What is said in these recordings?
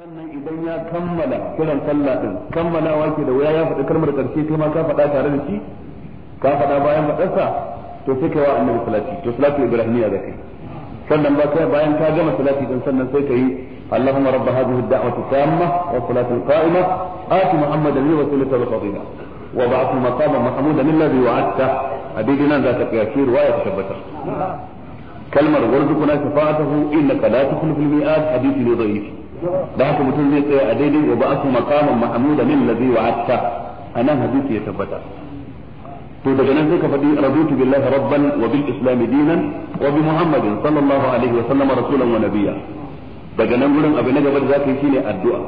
sannan idan ya kammala kiran sallah din kammalawa ke da wuya ya faɗi kalmar ƙarshe kai ma ka faɗa tare da shi ka faɗa bayan faɗarsa to sai kai wa annabi salati to salatu ibrahimiyya da kai sannan ba kai bayan ka gama salati din sannan sai kai اللهم رب هذه الدعوة التامة والصلاة القائمة آت محمدا لي وسيلة وفضيلة وبعث مقاما محمودا الذي وعدته أبي جنان ذات قياسير وآية تثبتها كلمة وارزقنا شفاعته إنك لا تخلف الميعاد حديث ضعيف da haka mutum zai tsaya a daidai wa ba'athu maqaman mahmuda min ladhi wa'atta anan hadisi ya tabbata to daga nan sai ka faɗi raditu billahi rabban wa bil islam dinan wa bi muhammadin sallallahu alaihi wa sallam rasulan wa nabiyya daga nan gurin abu na gaba da zaka yi shine addu'a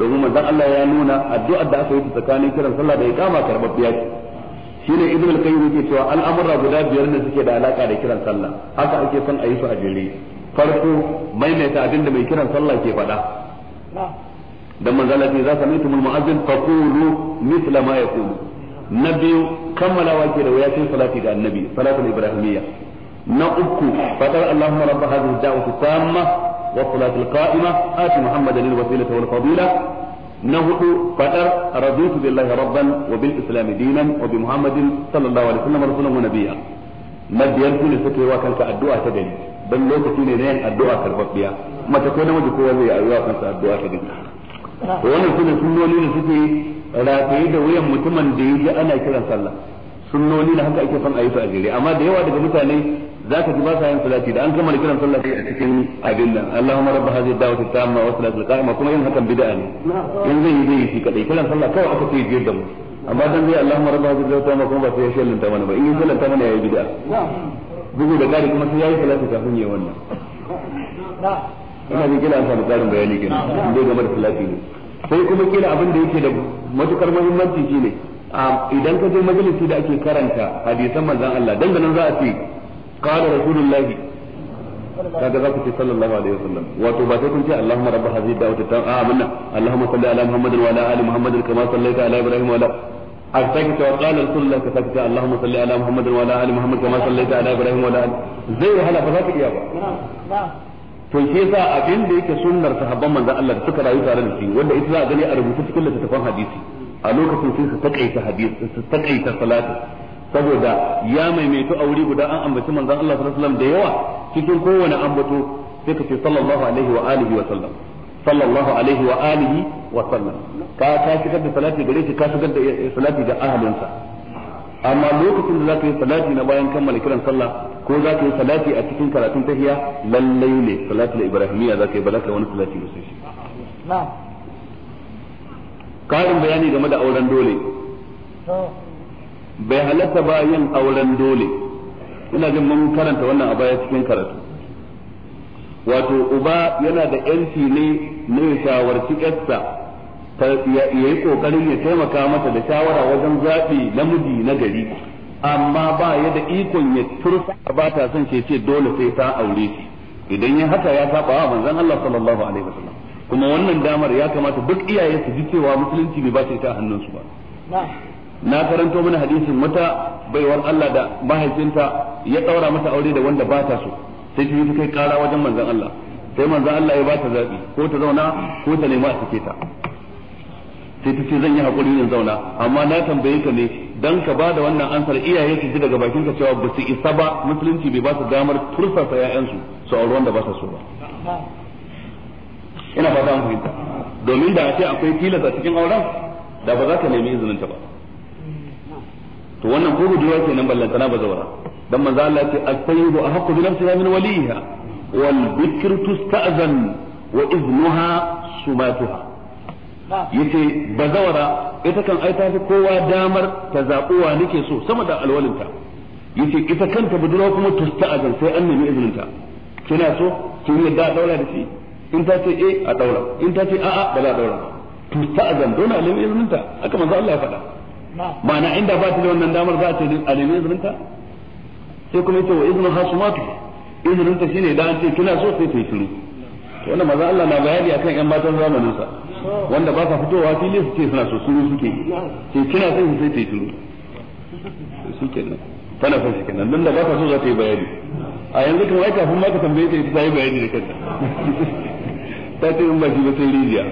domin manzon Allah ya nuna addu'ar da aka yi tsakanin kiran sallah da iqama karbabbiya ce shine ibn al-qayyim yake cewa al'amurra guda biyar ne suke da alaka da kiran sallah haka ake son a yi su a jere farko maimaita abin da mai kiran sallah ke faɗa dan manzo Allah ya zaka mutumul mu'azzin faqulu mithla ma yaqulu na biyu kammala wake da wayatin salati da annabi salatul ibrahimiyya na uku fadar Allahumma rabb hadhihi da'wati tamma wa salatul qa'ima ati muhammadan wal fadila na hudu fadar raditu billahi rabban wa bil islam dinan wa bi muhammadin sallallahu alaihi rasulun nabiyya na biyar wa kanka addu'a ta gari dan lokaci ne na yin addu'a karbabbiya mace ko namiji kowa zai ayyuka kansa addu'a ta dinka to wannan sune sunnoni da suke rataye da wuyan mutumin da yaji ana kiran sallah sunnoni ne haka ake son a yi su a jere amma da yawa daga mutane zaka ji ba sa yin salati da an kammala kiran sallah sai a cikin abin nan Allahumma rabb hadhihi da'wati tamma wa salatu al qa'ima kuma yin hakan bid'a ne yanzu zai yi yi shi kadai kiran sallah kawai aka ce jiyar da mu amma dan zai Allahumma rabb hadhihi da'wati tamma kuma ba sai ya shallanta mana ba in yi shallanta mana yayi bid'a bugu da ƙari kuma sai yayi salati kafin yayi wannan ina jin an samu ƙarin bayani kenan inda game da salati ne sai kuma kila abin da yake da matukar muhimmanci shine idan ka je majalisi da ake karanta hadisan manzon Allah dan nan za a ce qala rasulullahi kaga za ku ce sallallahu alaihi wasallam wato ba sai kun ce allahumma rabb hadhihi da'wati ta'a allahumma salli ala muhammadin wa ala ali muhammadin kama sallaita ala ibrahim wa ala أرسلت وقال الكل لك فكت اللهم صل على محمد وعلى آل محمد كما صليت على إبراهيم وعلى آل زي هلا فذاك إياه نعم to shi yasa abin da yake sunnar sahabban manzon Allah da suka rayu tare da shi wanda ita za gani a rubuce cikin littattafan a lokacin sai salatu saboda ya maimaito a wuri guda an ambaci manzon Allah sallallahu da yawa cikin kowane ambato sai ka ce sallallahu alaihi wa alihi wa sallam sallallahu alaihi wa alihi wa sallam ka ka shigar da salati gare shi ka shigar da salati ga ahalinsa amma lokacin da zaka yi salati na bayan kammala kiran sallah ko zaka yi salati a cikin karatun tahiya lallai ne salatul ibrahimiyya zaka yi ba zaka yi wani salati ba sai na'am karin bayani game da auren dole bai halatta ba yin auren dole ina jin mun karanta wannan a baya cikin karatu wato uba yana da yanci ne na shawarci yarsa ya yi kokarin ya taimaka mata da shawara wajen zaɓi namiji na gari amma ba ya da ikon ya turfa ba ta son ce ce dole sai ta aure shi idan ya haka ya saba wa manzon Allah sallallahu alaihi wasallam kuma wannan damar ya kamata duk iyaye su ji cewa musulunci bai ba ta ita hannunsu ba na karanto mana hadisin mata baiwar Allah da mahaifinta ya daura mata aure da wanda ba ta so sai ta yi kai kara wajen manzon Allah sai manzon Allah ya ba ta zabi ko ta zauna ko ta nema a take ta sai ta ce zan yi hakuri in zauna amma na tambaye ka ne dan ka bada wannan ansar iyaye su ji daga bakin ka cewa ba su isa ba musulunci bai ba su damar tursasa ƴaƴansu su auri wanda ba su so ba ina fata an fahimta domin da a ce akwai tilas a cikin auren da ba za ka nemi izinin ta ba to wannan ko budurwa kenan ballantana ba zaura dan manzo Allah ya ce al sayyidu ahqqu bi nafsihi min waliha wal bikru tusta'zan wa idnuha sumatuha yace bazawara ita kan ai ta fi kowa damar ta zaɓi wa nake so sama da alwalinta yace ita kanta budurwa kuma tusta'azan sai an nemi izininta kina so ki yadda a daura da shi in ta ce eh a daura in ta ce a'a ba za a daura ba tusta'azan dole a nemi izininta haka manzo Allah ya faɗa ma'ana inda ba ta da wannan damar za a ce a nemi izininta sai kuma yace wa iznu hasumatu izininta shine da an ce kina so sai ta yi shiru wanda maza Allah na bayani akan yan matan zamanin sa wanda ba sa fitowa fili su ce suna so suru suke ce kina son sai ta yi turu su kenan tana son shi kenan dan da ba sa so za ta yi bayani a yanzu kuma ai kafin ma ka tambaye ta ta yi bayani da kanta ta ce in ba shi ba sai rijiya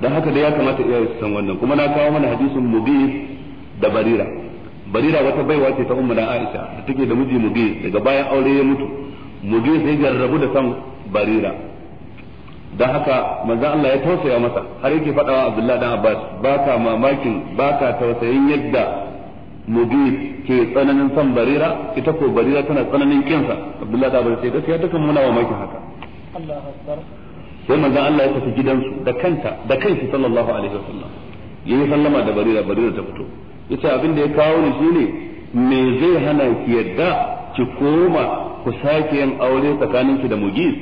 dan haka da ya kamata iyaye su san wannan kuma na kawo mana hadisin mubin da barira barira wata baiwa ce ta umma na aisha da take da miji muge daga bayan aure ya mutu muge sai ya rabu da san barira dan haka manzon Allah ya tausaya masa har yake fada wa Abdullahi dan Abbas baka mamakin baka tausayin yadda muge ke tsananin san barira ita ko barira tana tsananin kinsa Abdullahi dan Abbas sai gaskiya ta kan muna mamakin haka Allah akbar sai manzon Allah ya tafi gidansu da kanta da kansa sallallahu alaihi wasallam yayi sallama da barira barira ta fito yace abin da ya kawo ni shine me zai hana ki yadda ki koma ku sake yin aure tsakanin ki da mugis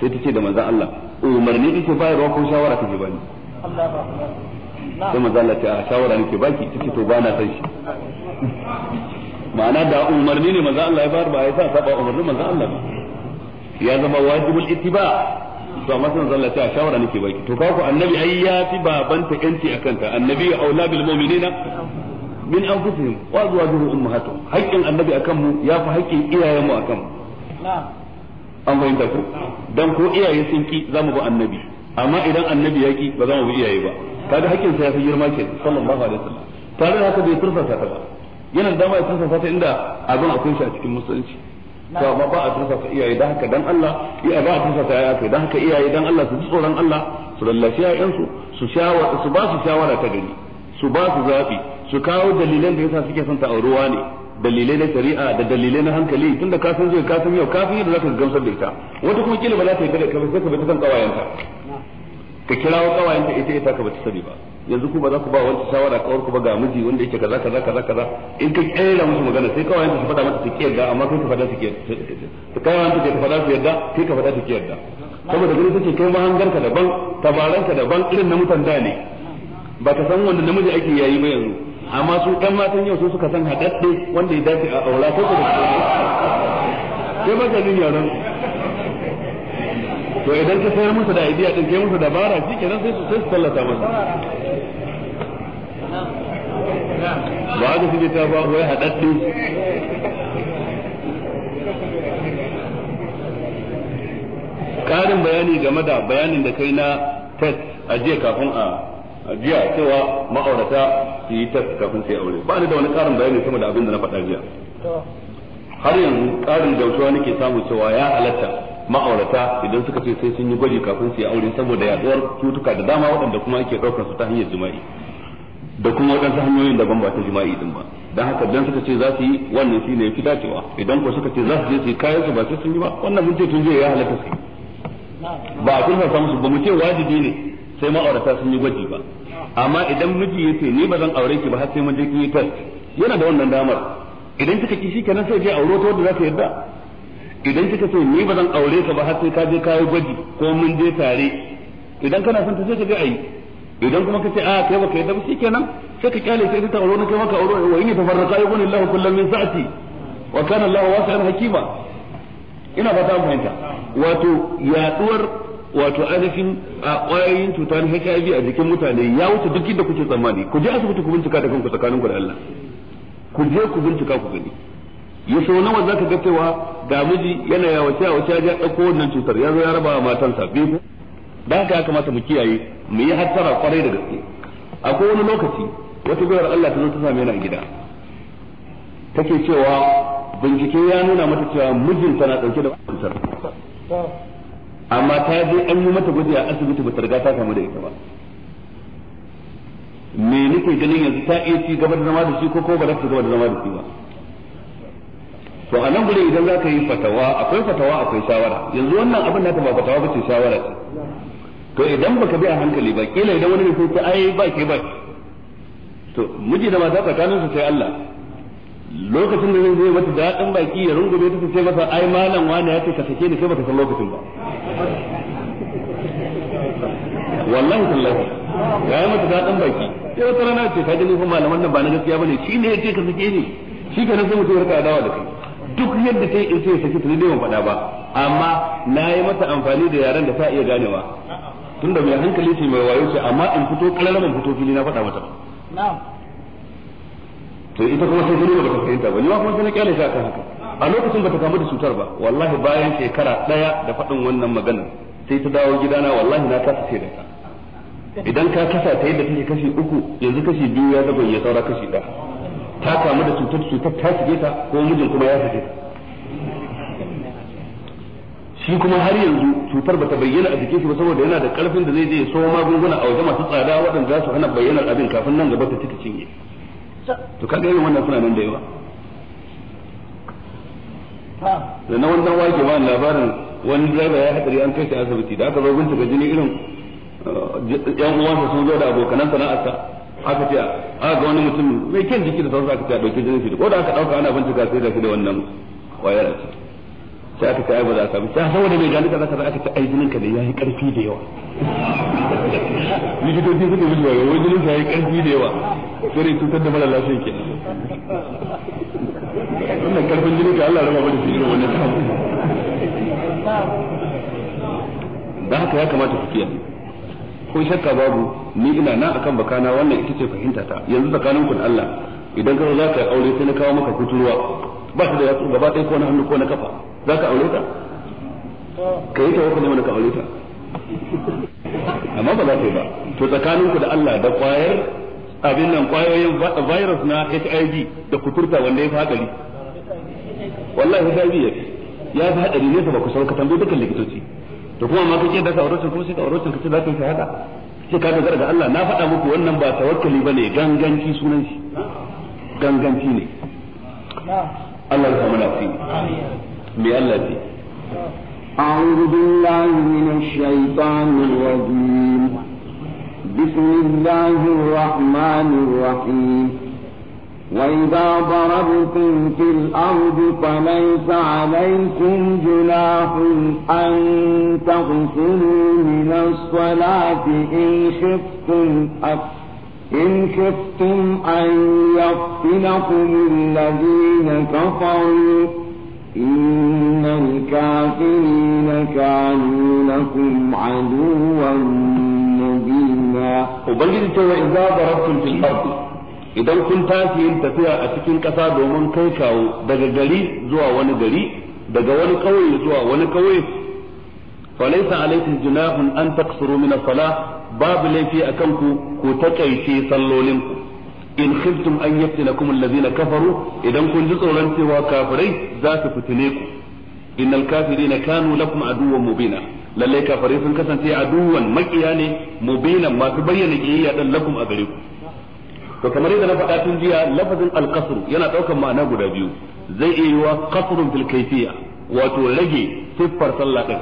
sai tace da manzon Allah umarni kike bayarwa ko shawara kike bani sai manzon Allah ta shawara nake baki kike to bana san shi ma'ana da umarni ne manzon Allah ya bayar ba ya sa saba umarni manzon Allah ya zama wajibul ittiba' to amma sun zalla ta shawara nake baki to kawo annabi ai ya fi babanta yanci akan ta annabi ya aula bil mu'minina min anfusihim wa azwajuhum ummahatuhum haƙƙin annabi akan mu ya fi haƙƙin iyayen mu akan mu an fahimta ko dan ko iyaye sun ki zamu bi annabi amma idan annabi ya ki ba za mu bi iyaye ba kaga haƙƙin sa ya fi girma ke sallallahu alaihi wasallam tare da haka bai turfasa ta ba yana da dama ya turfasa ta inda abin akwai shi a cikin musulunci to amma ba a tursa iyaye dan haka dan Allah iya ba a tursa ta iyaye dan haka iyaye dan Allah su ji tsoron Allah su lallashi ƴaƴansu su shawara su ba su shawara ta gari su ba su zabi su kawo dalilan da yasa suke son ta aurewa ne dalilai na shari'a da dalilai na hankali tunda ka san zai ka san yau kafin yadda zaka gamsar da ita wata kuma kila ba za ta yi kada ka ba ta san kawayenta ka kirawo kawayenta ita ita ka ba ta sani ba yanzu ku ba za ku ba wancan shawara kawar ku ba ga miji wanda yake kaza kaza kaza kaza in ka kera musu magana sai kawai su faɗa mata take yarda amma kai ka faɗa take yarda kai wanda ka faɗa su yarda kai ka faɗa take yarda saboda gani take kai ka daban tabaranka daban irin na mutan da ne ba ka san wanda namiji ake yayi ba yanzu amma su ɗan matan yau su suka san haɗaɗɗe wanda ya dace a aura ko da kai ba ka jin yaron to idan ka sayar musu da idea din kai musu dabara shi kenan sai su sai su sallata musu ba ga shi ta ba wai hadaddi karin bayani game da bayanin da kai na test a jiya kafin a jiya cewa ma'aurata su yi test kafin su yi aure ba ni da wani karin bayani sama da abin da na faɗa jiya har yanzu karin gamsuwa nake samu cewa ya halatta ma'aurata idan suka ce sai sun yi gwaji kafin su yi aure saboda yaduwar cutuka da dama waɗanda kuma ake ɗaukar su ta hanyar jima'i da kuma waɗansu hanyoyin daban ba ta jima'i din ba don haka dan suka ce za su yi wannan shi ne fi dacewa idan ko suka ce za su je su yi kayan su ba sai sun yi ba wannan mun ce tun jiya ya halatta su ba a kun sa musu ba mu ce wajibi ne sai ma'aurata sun yi gwaji ba amma idan miji ya ce ni ba zan aure ki ba har sai mun je kin yi test yana da wannan damar idan kika ki kenan sai je auro ta wanda za ta yarda idan kika ce ni ba zan aure ka ba har sai ka je kayi gwaji ko mun je tare idan kana son ta sai ka ga ayi idan kuma kace a ah, kai baka yadda ba shikenan sai ka kyale sai ta aure kai maka aure wa inni tafarraqa yakun min sa'ati wa kana Allahu wasi'an hakima ina ba ta fahimta wato yaduwar wato cuta na HIV a jikin mutane ya wuce duk inda kuke tsammani ku je asibiti ku bincika da kanku tsakanin ku da Allah ku je ku bincika ku gani ya so nawa zaka ga cewa ga miji yana ya wace wace ya dauko wannan cutar ya zo ya raba matansa biyu ko. da haka ya kamata mu kiyaye mu yi hattara kwarai da gaske akwai wani lokaci wata gwiwar Allah ta zo ta same ni a gida take cewa bincike ya nuna mata cewa mijinta na dauke da cutar amma ta je an yi mata gwaji a asibiti ba ta riga ta kamu da ita ba me nake ganin yanzu ta iya ci gaba da zama da shi ko ko ba za ta gaba da zama da shi ba to a nan gure idan za ka yi fatawa akwai fatawa akwai shawara yanzu wannan abin naka ba fatawa ba ce shawara ce to idan baka bi a hankali ba kila idan wani ne sai ai ba ke ba to miji da mata tsakanin su sai Allah lokacin da zai mata daɗin baki ya rungume ta sai masa ai malam wani ya ce ka sake ni sai baka san lokacin ba wallahi tallahi ya yi mata daɗin baki sai wata rana ce ka ji nufin malaman nan ba na gaskiya bane shi ne ya ce ka sake ni shi ka nan sai mutum ya rika adawa da kai duk yadda ta yi in sai saki tuni ban faɗa ba amma na yi mata amfani da yaren da ta iya ganewa tunda mai hankali ce mai wayo ce amma in fito kalalaman fito fili na faɗa mata to ita kuma sai ba ta fahimta ba ni ma kuma sai na kyale shi kan haka a lokacin ba ta kamu da cutar ba wallahi bayan shekara ɗaya da faɗin wannan magana sai ta dawo gidana wallahi na kasa sai da ta idan ka kasa ta yadda take kashi uku yanzu kashi biyu ya zaba ya saura kashi ɗaya ta kamu da cutar cutar ta shige ta ko mijin kuma ya shige shi kuma har yanzu cutar bata bayyana a jikin shi ba saboda yana da karfin da zai je ya so magunguna a waje masu tsada waɗanda za su hana bayyanar abin kafin nan gaba ta cika cinye to kaga irin wannan suna nan da yawa da na wannan wake ma labarin wani driver ya hadari an kai shi asibiti da aka zo bincika jini irin eh, yan uwansa sun zo da abokanan sana'arsa aka ce a ga wani mutum mai kyan jiki da sauransu aka ce a ɗauki jinin shi ko da aka ɗauka ana bincika sai da shi da wannan kwayar ce sai aka ce ai ba za a samu sai da mai gani ka kaza aka ce ai jinin ka ne yayi ƙarfi da yawa likitoci suka bi wayo wani jinin ka yayi ƙarfi da yawa sai cutar da mara lafiya ke wannan ƙarfin jinin ka Allah raba mu da shi irin wannan da haka ya kamata ku kiyaye ko shakka babu ni ina na akan bakana wannan ita ce fahimta ta yanzu tsakanin ku da Allah idan ka za ka aure sai na kawo maka kuturwa ba ta da yatsu gaba ɗaya ko na hannu ko na kafa za ka aure ta ka yi tawakkali ne mana ka aure ta amma ba za ka yi ba to tsakanin ku da Allah da kwayar abin nan kwayoyin virus na HIV da kuturta wanda ya fi hadari wallahi HIV ya fi hadari ne ba ku sauka tambayi dukkan likitoci to kuma ma kake da sauraron kuma sai sauraron kace za ka yi shahada sai ka dogara ga Allah na faɗa muku wannan ba tawakkali bane ganganci sunan shi ganganci ne Allah ya samu lafiya me Allah ce أعوذ بالله من الشيطان الرجيم بسم الله الرحمن الرحيم وإذا ضربتم في الأرض فليس عليكم جناح أن تغسلوا من الصلاة إن خفتم إن شفتم أن يفتنكم الذين كفروا إن الكافرين كانوا لكم عدوا مبينا وبلغت وإذا ضربتم في الأرض idan kun tashi yin tafiya a cikin ƙasa domin kai kawo daga gari zuwa wani gari daga wani ƙauye zuwa wani ƙauye falaisa alaikum junahun an taqsuru min as-salah babu laifi akan ku ku takaice sallolin ku in khiftum an yaftinakum alladhina kafaru idan kun ji tsoron cewa kafirai za su fitine ku innal kafirina kanu lakum aduwwan mubina lalle kafirai sun kasance aduwwan makiya ne mubina masu bayyana kiyayya dan lakum a gare ku to kamar yadda na faɗa tun jiya lafazin alqasr yana daukan ma'ana guda biyu zai iya yiwa qasrun fil kayfiyya wato rage siffar sallah din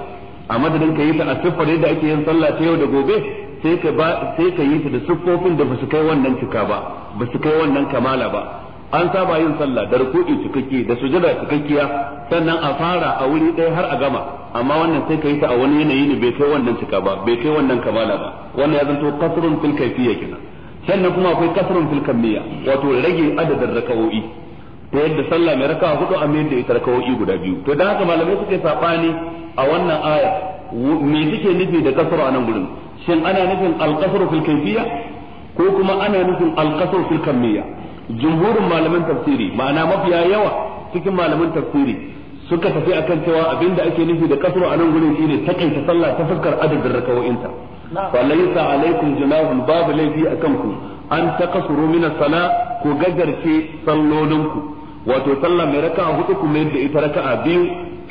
a madadin ka yi ta a siffar yadda ake yin sallah ta yau da gobe sai ka ba sai ka yi ta da siffofin da ba su kai wannan cika ba basu kai wannan kamala ba an saba yin sallah da ruku'i cikakke da sujada cikakkiya sannan a fara a wuri ɗaya har a gama amma wannan sai ka yi ta a wani yanayi ne bai kai wannan cika ba bai kai wannan kamala ba wannan ya zanto qasrun fil kayfiyya kenan sannan kuma akwai kasrun fil kamiyya wato rage adadin rakawoyi ta yadda sallah mai raka'a hudu a mayar da ita rakawoyi guda biyu to dan haka malamai suke sabani a wannan aya me suke nufi da kasru a nan gurin shin ana nufin al-kasru fil kayfiyya ko kuma ana nufin al-kasru fil kamiyya jumhurin malaman tafsiri ma'ana mafiya yawa cikin malaman tafsiri suka tafi akan cewa abinda ake nufi da kasru a nan gurin shine takaita sallah ta fuskar adadin rakawoyinta falaysa alaikum junahun babu laifi akan ku an takasuru min as-sala ku gajarce sallolinku wato sallah mai raka'a hudu kuma yadda ita raka'a biyu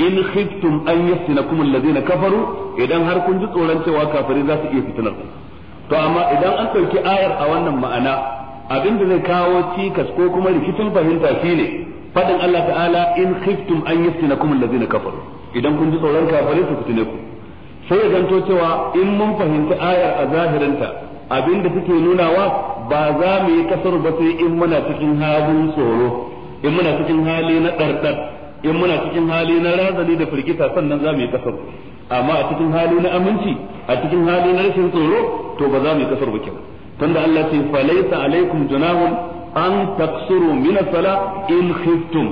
in khiftum an yaftinakum alladhina kafaru idan har kun ji tsoron cewa kafirai za su iya fitinar ku to amma idan an ɗauki ayar a wannan ma'ana abin da zai kawo cikas ko kuma rikicin fahimta shine fadin Allah ta'ala in khiftum an yaftinakum alladhina kafaru idan kun ji tsoron kafirai su fitine sai ya zanto cewa in mun fahimci ayar a zahirinta abinda take nunawa ba za mu yi kasar ba sai in muna cikin halin tsoro in muna cikin hali na ɗarɗar in muna cikin hali na razali da firgita sannan za mu yi kasar amma a cikin hali na aminci a cikin hali na rashin tsoro to ba za mu yi kasar ba kenan tunda Allah ce falaisa alaikum junahun an taksuru min sala in khiftum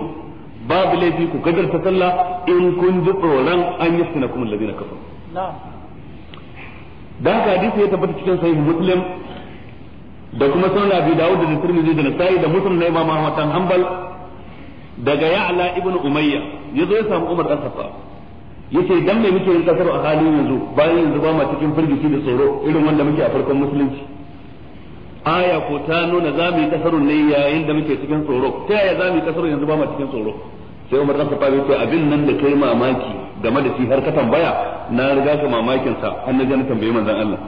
babu laifi ku kadarta sallah in kun ji tsoron an yaftina kuma alladhina kafaru dan ka hadisi ya tabbata cikin sahih muslim da kuma sunan abi daud da tirmidhi da nasa'i da muslim na imam ahmad dan hanbal daga ya'la ibn umayya yazo ya samu umar dan safa yace dan me muke yin kasar a halin yanzu bayan yanzu ba ma cikin firgici da tsoro irin wanda muke a farkon musulunci aya ko ta nuna za mu yi kasarun ne yayin da muke cikin tsoro ta yaya za mu yi kasarun yanzu ba ma cikin tsoro sai Umar dan fara yace abin nan da kai mamaki game da shi har ka tambaya na riga ka mamakin sa har na jana tambaye manzon Allah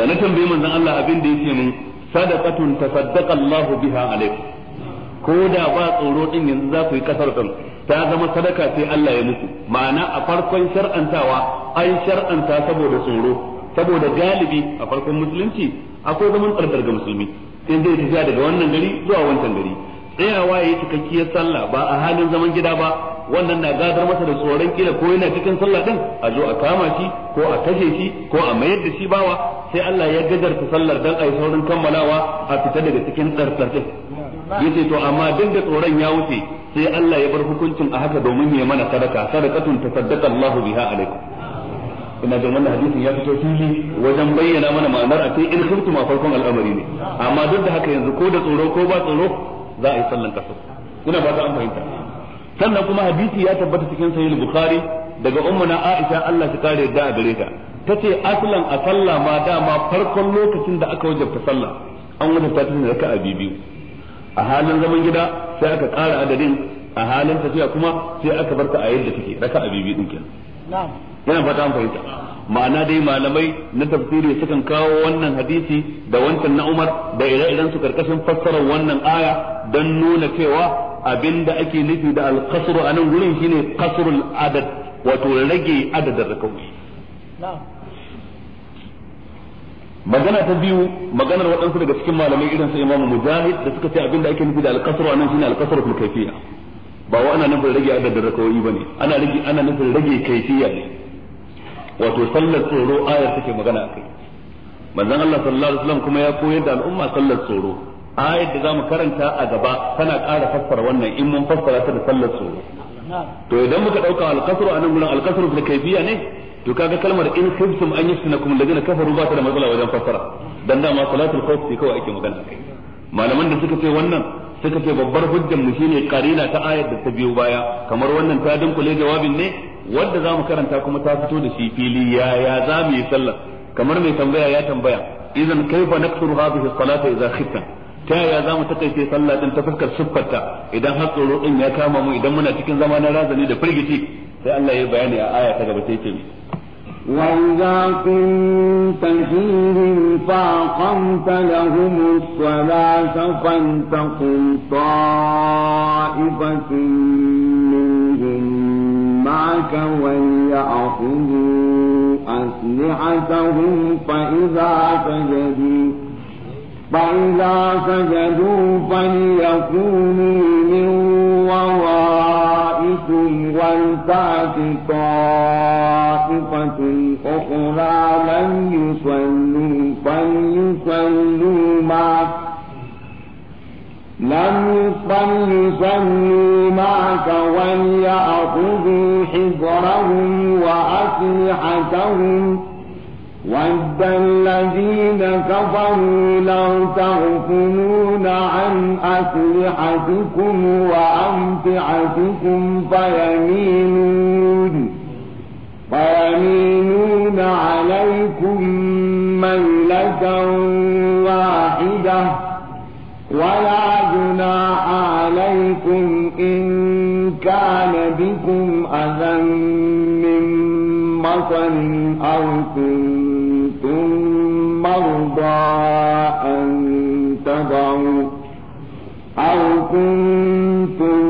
da na tambaye manzon Allah abin da yake min sadaqatun tasaddaqa Allah biha alayk ko da ba tsoro din yanzu za ku yi kasar kan ta zama sadaka sai Allah ya muku ma'ana a farkon shar'antawa ai shar'anta saboda tsoro saboda galibi a farkon musulunci akwai zaman tsardar ga musulmi in zai tafiya daga wannan gari zuwa wancan gari tsayawa ya yi cikakkiyar sallah ba a halin zaman gida ba wannan na gadar masa da tsoron kila ko yana cikin sallah din a zo a kama shi ko a kashe shi ko a mayar da shi bawa sai Allah ya gajarta sallar dan a yi saurin kammalawa a fita daga cikin tsartsar din yace to amma duk da tsoron ya wuce sai Allah ya bar hukuncin a haka domin ya mana sadaka sadaqatun tasaddaqa Allahu biha alaikum ina ga wannan hadisin ya fito fili wajen bayyana mana ma'anar a sai in ma farkon al'amari ne amma duk da haka yanzu ko da tsoro ko ba tsoro za a yi sallan kasar kuna ba ta an fahimta sannan kuma hadisi ya tabbata cikin sahih bukhari daga ummuna aisha Allah ta kare da gare ta ce aslan a sallah ma dama farkon lokacin da aka wajabta sallah an wajabta ta ne raka'a biyu a halin zaman gida sai aka kara adadin a halin tafiya kuma sai aka barta a yadda take raka'a biyu din kenan yana fata an fahimta ma'ana dai malamai na tafsiri sukan kawo wannan hadisi da wancan na Umar da ire-iren su karkashin fassarar wannan aya don nuna cewa abinda ake nufi da alkasuru a nan wurin shine kasurul adad wato rage adadin rakawi magana ta biyu maganar waɗansu daga cikin malamai irin su imamu Mujahid da suka ce abinda ake nufi da alkasuru a nan shine alkasuru fil ba wa ana nufin rage adadin rakawoyi ba ne ana rage ana nufin rage kaifiya ne wato sallar tsoro ayar take magana a kai manzon Allah sallallahu alaihi wasallam kuma ya koyar da al'umma sallar tsoro ayar da zamu karanta a gaba tana ƙara fassara wannan in mun fassara ta da sallar tsoro to idan muka dauka al-qasru anan gurin al-qasru fil kaifiya ne to kaga kalmar in khiftum an yusnakum ladina kafaru ba ta da matsala wajen fassara dan da ma salatul khawf ce kawai ake magana kai malaman da suka ce wannan suka ce babbar hujjar mu shine karina ta ayar da ta biyo baya kamar wannan ta dinkule jawabin ne wanda za mu karanta kuma ta fito da shi fili ya ya za mu yi sallah kamar mai tambaya ya tambaya idan kaifa naksuru hadhihi salata idza khifna ta yaya za mu takaice sallah din ta fuskar siffarta idan har tsoro din ya kama mu idan muna cikin zama na razani da firgici sai Allah ya bayani a aya ta gaba sai ce وإذا كنت فيهم فأقمت لهم الصلاة فانتقم طائفة منهم معك وليأخذوا أسلحتهم فإذا سجدوا فإذا سجدوا فليكونوا من وراء أَنْتُمْ وَلْتَعْتِ طَائِفَةٌ أُخْرَى لَمْ يُصَلُّوا فَلْيُصَلُّوا مَعَكَ لم يصلوا معك وليأخذوا حذرهم وأسلحتهم ود الذين كفروا لو تغفلون عن أسلحتكم وأمتعتكم فيميلون فيميلون عليكم ميلة واحدة ولا جناح عليكم إن كان بكم أذى من مطر أو كنتم كنتم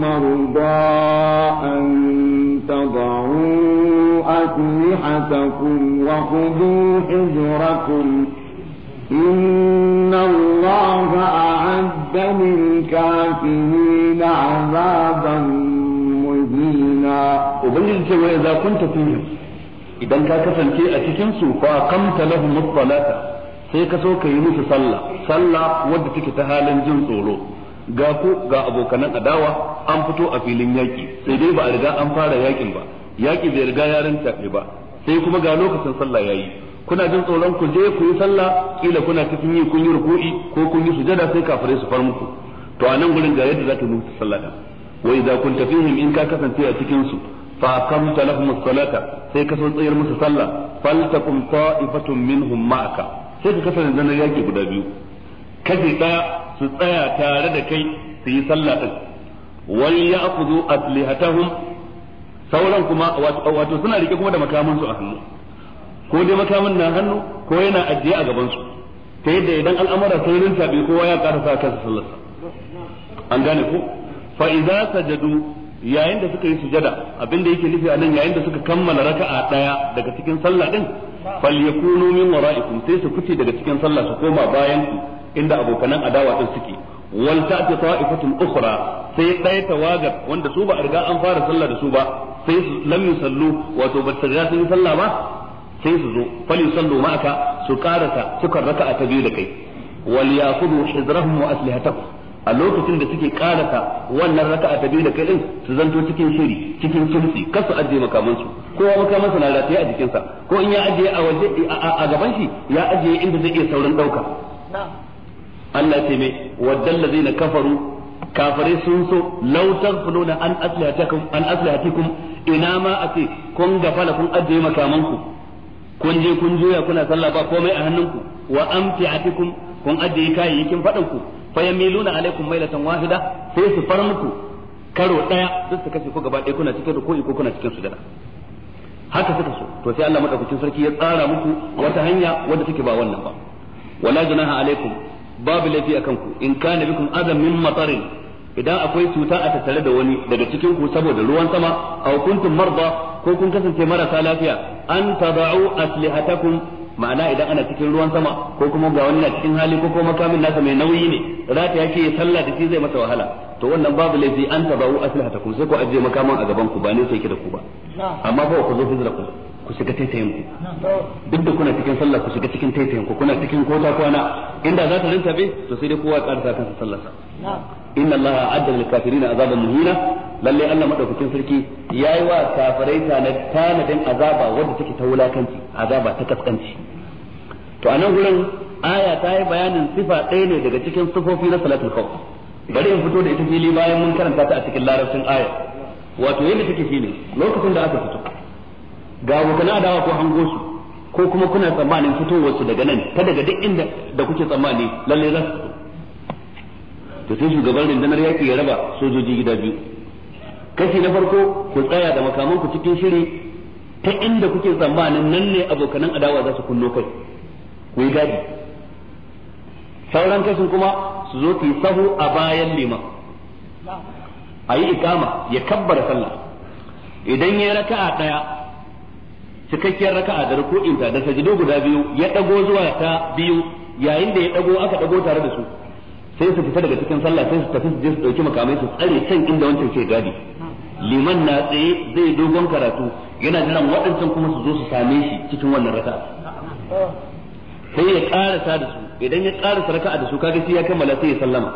مرضى a تضعوا أسلحتكم وخذوا حذركم إن الله أعد للكافرين عذابا مهينا وبلغ إذا كنت فيهم idan ka kasance a cikin su fa kamta sai ka so ka yi musu sallah sallah wadda take ta halin jin tsoro ga ku ga abokanan adawa an fito a filin yaƙi sai dai ba a riga an fara yakin ba yaƙi bai riga yaran tabe ba sai kuma ga lokacin sallah yayi kuna jin tsoron ku je ku yi sallah kila kuna cikin yi kun yi ruku'i ko kun yi sujada sai kafirai su far muku to a nan gurin ga yadda za ta yi muku sallah da wa idza kunta fihim in ka kasance a cikin su fa akamta lahum as-salata sai ka san tsayar musu sallah faltakum ta'ifatun minhum ma'aka sai ka kasance zanar yaki guda biyu kaje daya su tsaya tare da kai su yi sallah din wal ya'khudhu aslihatahum sauran kuma wato suna rike kuma da makamansu a hannu ko dai makamin na hannu ko yana ajiye a gabansu. su ta yadda idan al'amara sun rinta bai kowa ya ƙara sa kansa sallarsa an gane ko fa idza sajadu yayin da suka yi sujada abin da yake nufi a nan yayin da suka kammala raka'a daya daga cikin sallah din falyakunu min wara'ikum sai su fice daga cikin sallah su koma bayan ku inda abokanan adawa din suke wal ta'ti ta'ifatun ukhra sai ɗaya tawagar wanda su ba a riga an fara sallah da su ba sai su lam yusallu wato ba su riga sun yi sallah ba sai su zo fal sallu ma'aka su karasa cikar raka'a ta biyu da kai wal yaqudu hidrahum wa aslihatahum a lokacin da suke karasa wannan raka'a ta biyu da kai din su zanto cikin shiri cikin sulsi kar su ajiye makamansu kowa makamansa na rataye a jikinsa ko in ya ajiye a waje a gaban shi ya ajiye inda zai iya saurin dauka na'am Allah ce mai waddal ladzina kafaru kafare sun so law taghfuluna an aslihatakum an aslihatikum ina ma ake kun gafala kun ajiye makamanku kun je kun juya kuna sallah ba komai a hannunku wa amtiatikum kun ajiye kayayyakin fadanku fa yamiluna alaikum mailatan wahida sai su far muku karo daya duk su kashe ku gaba ɗaya kuna cike da ko iko kuna cikin su da haka suka so to sai Allah madaukakin sarki ya tsara muku wata hanya wadda take ba wannan ba wala junaha alaikum babu laifi akan ku in kana bikum adam min matarin idan akwai cuta a tattare da wani daga cikin ku saboda ruwan sama aw kuntum marda ko kun kasance marasa lafiya an tada'u aslihatakum ma'ana idan ana cikin ruwan sama ko kuma ga wani na cikin hali ko kuma makamin nasa mai nauyi ne zata yake sallah da shi zai masa wahala to wannan babu laifi an tada'u aslihatakum sai ku ajiye makaman a gaban ku ba ne sai ki da ku ba amma ba ku zo hijira ku ku shiga taitayen ku duk da kuna cikin sallah ku shiga cikin taitayen ku kuna cikin kota kwana inda za ta rinta be to sai dai kowa karsa kansa sallar sa inna allaha a'adda lil kafirin azaban muhina lalle Allah madaukakin sarki yayi wa kafirai tanadin azaba wanda take ta wulakanci azaba ta kaskanci to anan gurin aya ta yi bayanin sifa ɗaya ne daga cikin sifofi na salatul khawf bari in fito da ita fili bayan mun karanta ta a cikin larabcin aya wato yadda take shine lokacin da aka fito ga abokan adawa ko hango su ko kuma kuna tsammanin fitowar su daga nan ta daga duk inda da kuke tsammani lalle za su to sai shugaban rundunar yaki ya raba sojoji gida biyu kashi na farko ku tsaya da makaman ku cikin shiri ta inda kuke tsammanin nan ne abokan adawa za su kunno kai ku yi gadi sauran kashin kuma su zo ku sahu a bayan lima a yi ikama ya kabbara sallah idan ya raka'a daya cikakkiyar raka'a da ta da sajido guda biyu ya dago zuwa ta biyu yayin da ya dago aka dago tare da su sai su fita daga cikin sallah sai su tafi su je su dauki makamai su tsare can inda wancan ke gadi liman na tsaye zai dogon karatu yana jiran waɗancan kuma su zo su same shi cikin wannan raka'a sai ya karasa da su idan ya karasa raka'a da su kaga sai ya kammala sai ya sallama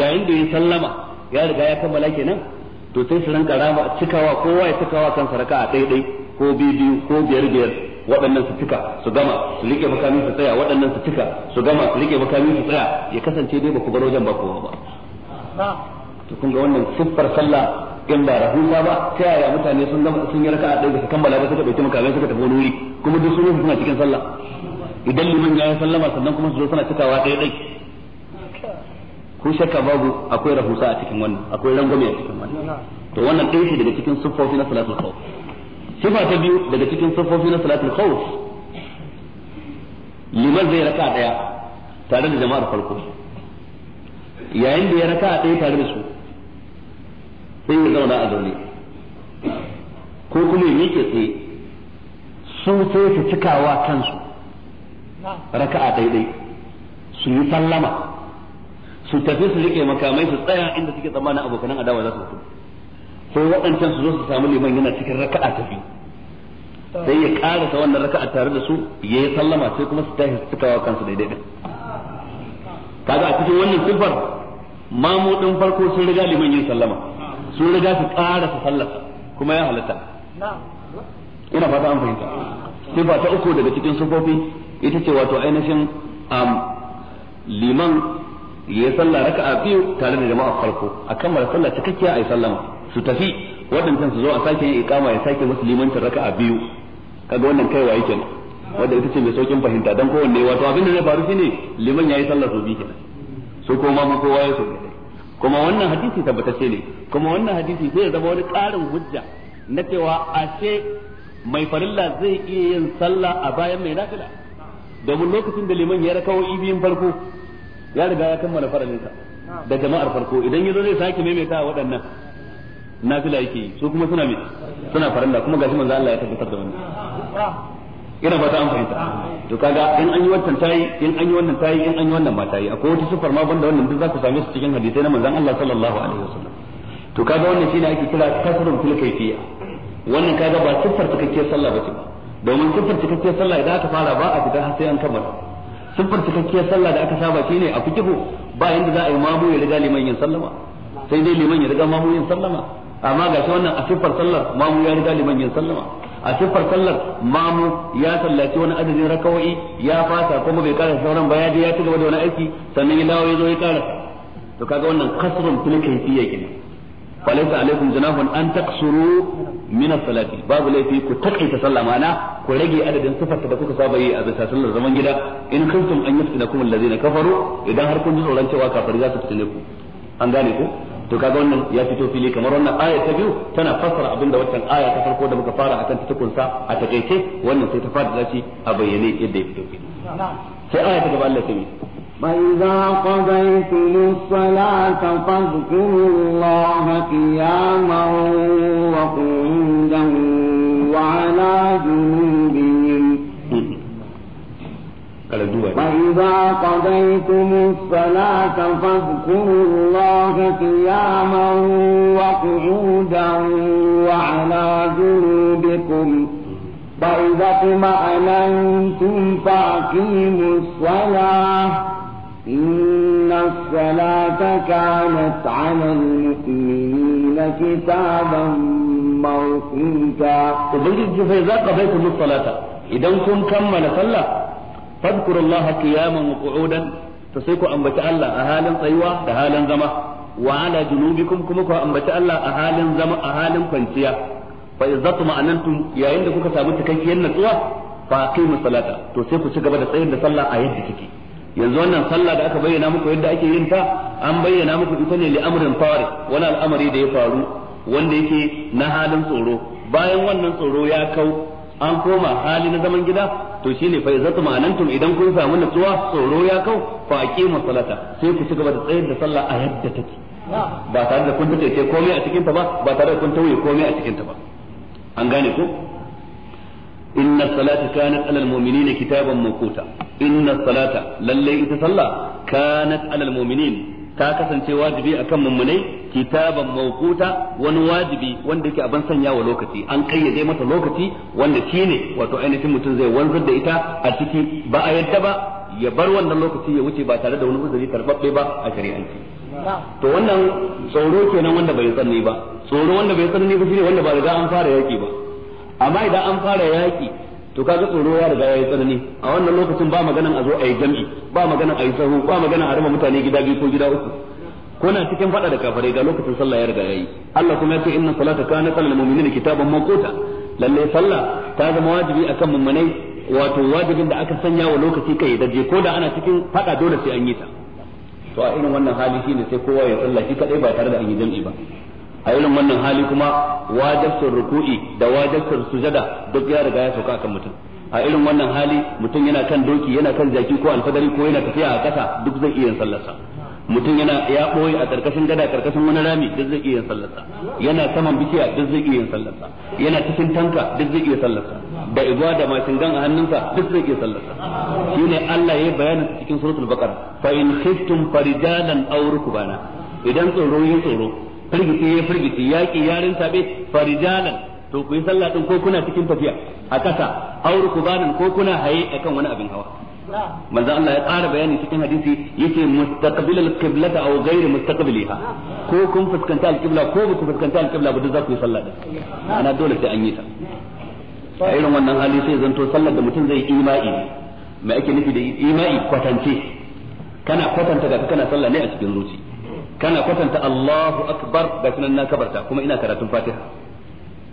yayin da ya sallama ya riga ya kammala kenan to sai su ranka rama cikawa kowa ya cikawa kansa raka'a ɗaya ɗaya ko biyu ko biyar biyar waɗannan su cika su gama su rike makamin su tsaya waɗannan su cika su gama su rike makamin su tsaya ya kasance dai ba ku bar wajen ba kowa ba to kun ga wannan siffar sallah in ba rahusa ba ta yaya mutane sun gama sun yi raka'a ɗaya ba su kammala ba suka ɗauki makamai suka tafi wani wuri kuma duk sun suna cikin sallah idan liman ya yi sallama sannan kuma su zo suna cikawa ɗaya ɗai ku shakka babu akwai rahusa a cikin wannan akwai rangwame a cikin wannan to wannan ɗaya ce daga cikin siffofi na salatul khawf sifa ta biyu daga cikin siffofi na salatul khawf liman zai raka daya tare da jama'ar farko yayin da ya raka daya tare da su sai ya zauna a zaune ko kuma ya miƙe tsaye su sai su cikawa kansu a daidai su yi sallama su tafi su rike makamai su tsaya inda suke tsammanin abokanan adawa za su mutu sai waɗancan su zo su samu liman yana cikin raka'a ta biyu sai ya karasa wannan raka'a tare da su ya yi sallama sai kuma su tashi su kawo kansu daidai din kaga a cikin wannan sifar mamu din farko sun riga liman yin sallama sun riga su karasa sallarsa kuma ya halatta ina fata an fahimta sifa ta uku daga cikin sufofi ita ce wato ainihin liman ya yi sallah raka'a biyu tare da jama'a farko a mara sallah cikakkiya a yi sallama su tafi waɗancan su zo a sake yin ikama ya sake musu limancin a biyu kaga wannan kaiwa yake ne wanda ita ce mai saukin fahimta dan kowanne wato abin da zai faru shine liman yayi sallah su biyu kenan su koma ma kowa ya so kuma wannan hadisi tabbatacce ne kuma wannan hadisi zai zama wani ƙarin hujja na cewa ashe mai farilla zai iya yin sallah a bayan mai nafila domin lokacin da liman ya rakawo ibiyin farko ya riga ya kammala faralinsa da jama'ar farko idan ya zo zai sake maimaita waɗannan nafila yake yi su kuma suna mai suna faranda kuma gashi manzo Allah ya tabbatar da wannan ina fata an fahimta to kaga in an yi wannan tayi in an yi wannan tayi in an yi wannan ma tayi akwai wata sufar ma banda wannan duk za ku same su cikin hadisai na manzo Allah sallallahu alaihi wasallam to kaga wannan shine ake kira kasrun fil kayfiya wannan kaga ba sufar cikakkiyar sallah bace ba domin sufar cikakkiyar sallah idan aka fara ba a fita har sai an kammala sufar cikakkiyar sallah da aka saba shine a fikihu ba yanda za a yi mamu ya riga liman yin sallama sai dai liman ya riga mamu yin sallama amma ga shi wannan a siffar sallar mamu ya riga liman yin sallama a siffar sallar mamu ya sallaci wani adadin rakawai ya fasa kuma bai kara sauran ba ya je ya ci gaba da wani aiki sannan ya dawo ya zo ya kara to kaga wannan kasrun fil kayfiyya kin falaysa alaikum junahun an taqsuru min as-salati babu laifi ku takaita sallah ma'ana ku rage adadin sifarta da kuka saba yi a bisa sallar zaman gida in kuntum an yaftinakum allazina kafaru idan har kun ji tsoron cewa kafari za su fitine ku an gane ku to kaga wannan ya fito fili kamar wannan aya ta biyu tana fassara abinda wannan aya ta farko da muka fara akan ta sa a takeice wannan sai ta fada shi a bayyane yadda ya fito fili sai aya ta gaba Allah ta yi فإذا قضيتم الصلاة فاذكروا الله قياما فإذا قضيتم الصلاة فاذكروا الله قياما وقعودا وعلى جنوبكم فإذا اطمأننتم فأقيموا الصلاة إن الصلاة كانت على المؤمنين كتابا موقوتا وبنجد فإذا قضيتم الصلاة إذا كنتم كمل صلاة fadkurullaha qiyaman wa qu'udan to sai ku ambaci Allah a halin tsayuwa da halin zama wa ala junubikum kuma ku ambaci Allah a halin zama a halin kwanciya fa izzatu ma'anantum yayin da kuka samu cikakkiyar natsuwa fa aqimu salata to sai ku ci gaba da tsayar da sallah a yadda take yanzu wannan sallah da aka bayyana muku yadda ake yin ta an bayyana muku ita ne li amrin tawari wani al'amari da ya faru wanda yake na halin tsoro bayan wannan tsoro ya kau an koma hali na zaman gida to shine fa izatu ma'anantum idan kun samu nutsuwa tsoro ya kau fa aqimu salata sai ku ci gaba da tsayar da sallah a yadda take ba tare da kun tace komai a cikin ta ba ba tare da kun tauye komai a cikin ta ba an gane ko inna salata kanat alal mu'minina kitaban mawquta inna salata lalle ita sallah kanat alal mu'minin ta kasance wajibi akan mummunai kitaban mawquta wani wajibi wanda yake abin sanya wa lokaci an kayyade masa lokaci wanda shi ne wato ainihin mutum zai wanzar da ita a ciki ba a yadda ba ya bar wannan lokaci ya wuce ba tare da wani uzuri tarbabbe ba a shari'anci to wannan tsoro kenan wanda bai sanni ba tsoro wanda bai sanni ba shine wanda ba riga an fara yaki ba amma idan an fara yaki to kaga tsoro ya riga yayi tsanani a wannan lokacin ba maganan a zo a yi jam'i ba maganan a yi sahu ba magana a rama mutane gida biyu ko gida uku ko na cikin fada da kafare ga lokacin sallah ya riga yayi Allah kuma ya ce inna salata kana qala mu'minina kitaban mawquta lalle sallah ta zama wajibi akan mummunai wato wajibin da aka sanya wa lokaci kai da ko da ana cikin fada dole sai an yi ta to a irin wannan hali shine sai kowa ya sallah shi kadai ba tare da an yi jam'i ba a irin wannan hali kuma wajibtar ruku'i da wajibtar sujada duk ya riga ya sauka kan mutum a irin wannan hali mutum yana kan doki yana kan jaki ko alfadari ko yana tafiya a ƙasa duk zai iya sallarsa mutum yana ya ɓoye a ƙarƙashin gada ƙarƙashin wani rami duk zai iya sallarsa yana saman bishiya duk zai iya sallarsa yana cikin tanka duk zai iya sallarsa da igwa da gan a hannunsa duk zai iya sallarsa shine Allah ya bayyana cikin suratul baqara fa in khiftum farijalan aw rukbana idan tsoro yin tsoro firgiti ya firgiti yaki yarin tabe farijalan to ku yi sallah din ko kuna cikin tafiya a kasa auru kubanan ko kuna haye akan wani abin hawa manzo Allah ya ƙara bayani cikin hadisi yace mustaqbilal qiblata aw ghayr mustaqbiliha ko kun fuskanta alqibla ko ba ku fuskanta alqibla ba duk za ku yi sallah din ana dole sai an yi ta a irin wannan hali sai zanto sallar da mutum zai imai mai ake nufi da imai kwatance kana kwatanta ga kana sallah ne a cikin zuci kana kwatanta Allahu akbar ga sunan na kabarta kuma ina karatun Fatiha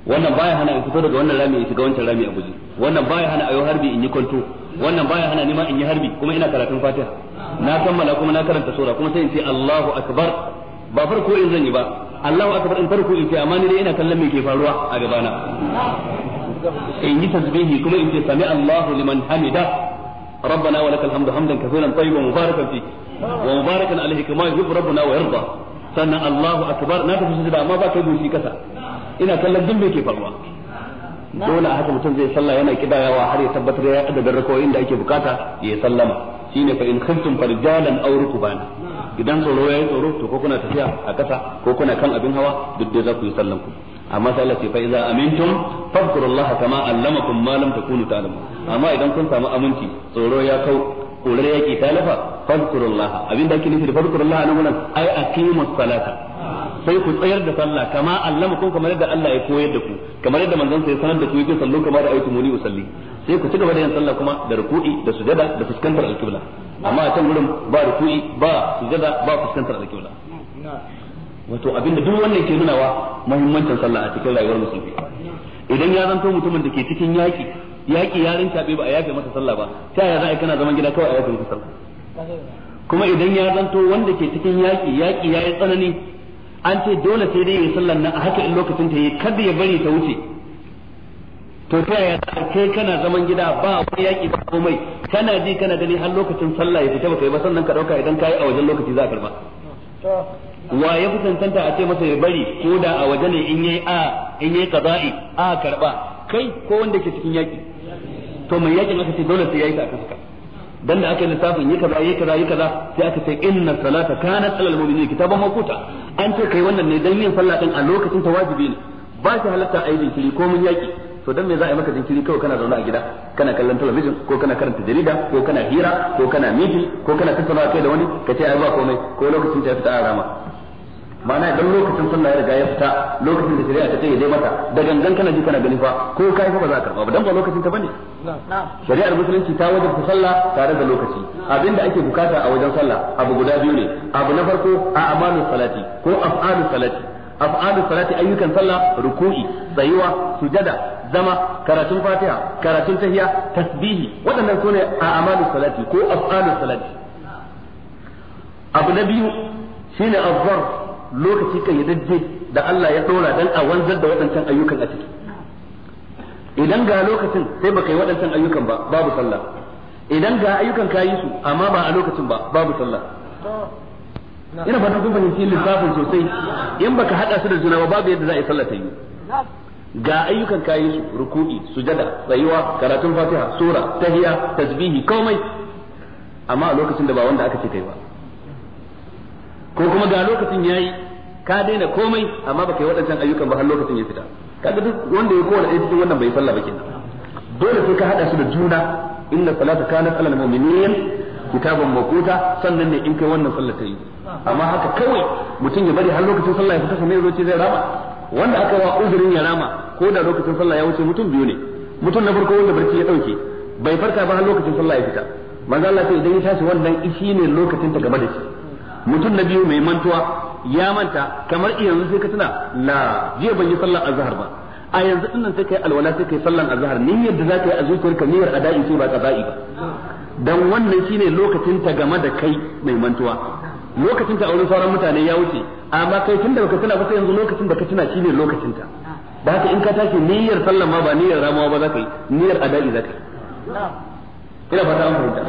wannan baya hana in fito daga wannan rami in shiga wancan rami a guji wannan baya hana a ayo harbi in yi kwanto wannan baya hana ni ma in yi harbi kuma ina karatun Fatiha na kammala kuma na karanta sura kuma sai in ce Allahu akbar ba farko in zan yi ba Allahu akbar in farko in ce amma ni dai ina kallon me ke faruwa a gabana in yi tasbihi kuma in ce sami Allahu liman hamida ربنا ولك الحمد حمدا كثيرا طيبا مباركا فيه wa mubarakan alaihi kama yuhibbu rabbuna wa yarda sannan Allahu akbar na tafi sujada amma ba ta goshi kasa ina kallon din ke faruwa dole a haka mutum zai salla yana kidayawa har ya tabbatar ya adadin rakoyin da ake bukata ya sallama shine fa in khiftum farjalan aw rukbana idan tsoro yayi tsoro to ko kuna tafiya a kasa ko kuna kan abin hawa duk dai za ku yi sallan ku amma sai Allah ce fa idza amintum fadhkurullaha kama allamakum ma lam takunu ta'lamun amma idan kun samu aminci tsoro ya kau korar yaki talafa fadkurullah abinda ake nufi da fadkurullah nan wannan ai aqimus salata sai ku tsayar da sallah kama allamakum kamar yadda Allah ya koyar da ku kamar yadda manzon sa ya sanar da ku yake sallu kamar da aitu muni usalli sai ku ci gaba da yin sallah kuma da ruku'i da sujada da fuskantar alqibla amma a can gurin ba ruku'i ba sujada ba fuskantar alqibla wato abinda duk wannan ke nunawa muhimmancin sallah a cikin rayuwar musulmi idan ya zanto mutumin da ke cikin yaki yaki ya rinka ba a yafe masa sallah ba ta ya za a kana zaman gida kawai a yafe masa sallah kuma idan ya zanto wanda ke cikin yaƙi yaƙi ya yi tsanani an ce dole sai dai yi sallan nan a haka in lokacin ta yi kada ya bari ta wuce to ta yaya kai kana zaman gida ba wani yaƙi ba komai kana ji kana gani har lokacin sallah ya fita baka yi ba sannan ka ɗauka idan ka yi a wajen lokaci za a karba wa ya fi cancanta a ce masa ya bari ko da a waje ne in yayi a in yayi qada'i a karba kai ko wanda ke cikin yaƙi to mai yaƙin aka ce dole sai yayi ta akan dan da aka yi lissafin yi kaza yi kaza yi kaza sai aka ce inna salata kanat alal mu'minina kitaban mawquta an ce kai wannan ne dan yin sallah din a lokacin ta wajibi ne ba shi halatta a yi jinkiri ko mun yaki to dan me za a yi maka jinkiri kawai kana zaune a gida kana kallon talabijin ko kana karanta jarida ko kana hira ko kana miji ko kana tattauna kai da wani ka ce ai ba komai ko lokacin ta fita a rama ma'ana idan lokacin sunna ya riga ya fita lokacin da shari'a ta ce ya mata da gangan kana ji kana gani fa ko kai fa ba za ka karba ba dan ba lokacin ta bane shari'ar musulunci ta wajabta sallah tare da lokaci abinda ake bukata a wajen sallah abu guda biyu ne abu na farko a amanu salati ko af'alu salati af'alu salati ayyukan sallah ruku'i tsayuwa sujada zama karatun fatiha karatun tahiya tasbihi waɗannan sune a amanu salati ko af'alu salati abu na biyu shine azzar lokaci kan yadajje da Allah ya dora dan a wanzar da waɗancan ayyukan a ciki idan ga lokacin sai baka yi waɗancan ayyukan ba babu sallah idan ga ayyukan kayi su amma ba a lokacin ba babu sallah ina fatan kun fahimci lissafin sosai in baka hada su da juna ba babu yadda za a yi sallah ta yi ga ayyukan kayi su ruku'i sujada tsayuwa karatun fatiha sura tahiya tasbihi komai amma a lokacin da ba wanda aka ce kai ba ko kuma ga lokacin yayi ka daina komai amma baka yi waɗancan ayyukan ba har lokacin ya fita kaga duk wanda ya kowa da cikin wannan bai sallah ba kenan dole sai ka hada su da juna inna salata kanat alal mu'minin kitabun makuta sannan ne in kai wannan sallah ta yi amma haka kawai mutum ya bari har lokacin sallah ya fita sai ya zo ce zai rama wanda aka wa uzurin ya rama ko da lokacin sallah ya wuce mutum biyu ne mutum na farko wanda barci ya dauke bai farka ba har lokacin sallah ya fita manzo Allah sai idan ya tashi wannan ishi ne lokacin ta gaba da shi mutum na biyu mai mantuwa ya manta kamar yanzu sai ka tuna la jiya ban yi sallar azhar ba a yanzu dinnan sai kai alwala sai kai sallar azhar niyyar da zaka yi a zuciyarka niyyar ada'i ce ba qada'i ba dan wannan shine lokacin ta game da kai mai mantuwa lokacin ta a wurin sauran mutane ya wuce amma kai tun da baka tuna ba sai yanzu lokacin da ka tuna shine lokacin ta da haka in ka tashi niyyar sallar ma ba niyyar ramawa ba ka yi niyyar ada'i ka yi ina fata an fahimta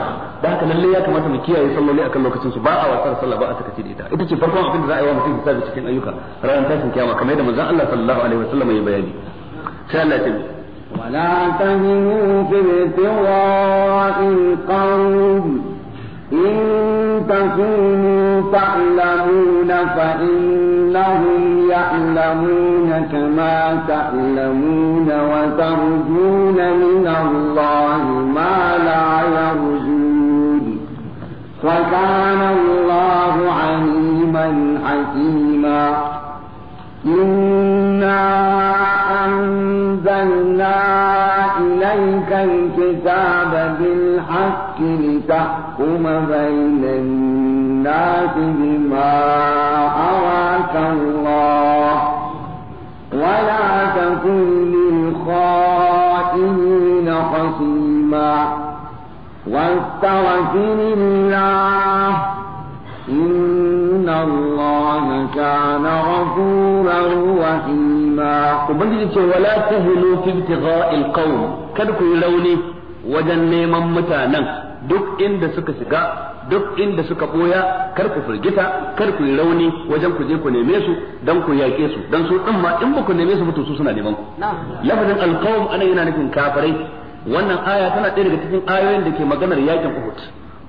da haka lalle ya kamata mu kiyaye salloli akan lokacin su ba a wasar sallah ba a sakaci da ita ita ce farkon abin da za a yi wa mutum hisabi cikin ayyuka ranar tashin kiyama kamar yadda manzon Allah sallallahu alaihi wasallam ya bayani sai Allah ya ولا تهنوا في ابتغاء القوم إن تكونوا تعلمون فإن إنهم يعلمون كما تعلمون وترجون من الله ما لا يرجون فكان الله عليما حكيما إنا أنزلنا إليك الكتاب بالحق لتحكم بين الناس بما أراد رحمك الله ولا تكن للخائنين خصيما واستغفر الله إن الله كان غفورا رحيما وبنجي ولا تهلوا في ابتغاء القوم كدكوا لوني wajen neman mutanen duk inda suka shiga duk inda suka boya kar ku firgita kar ku yi rauni wajen ku je ku neme su dan ku yake su dan su din ma in ba ku neme su ba su suna neman ku lafazin alqawm ana yana nufin kafirai wannan aya tana ɗaya daga cikin ayoyin da ke maganar yakin Uhud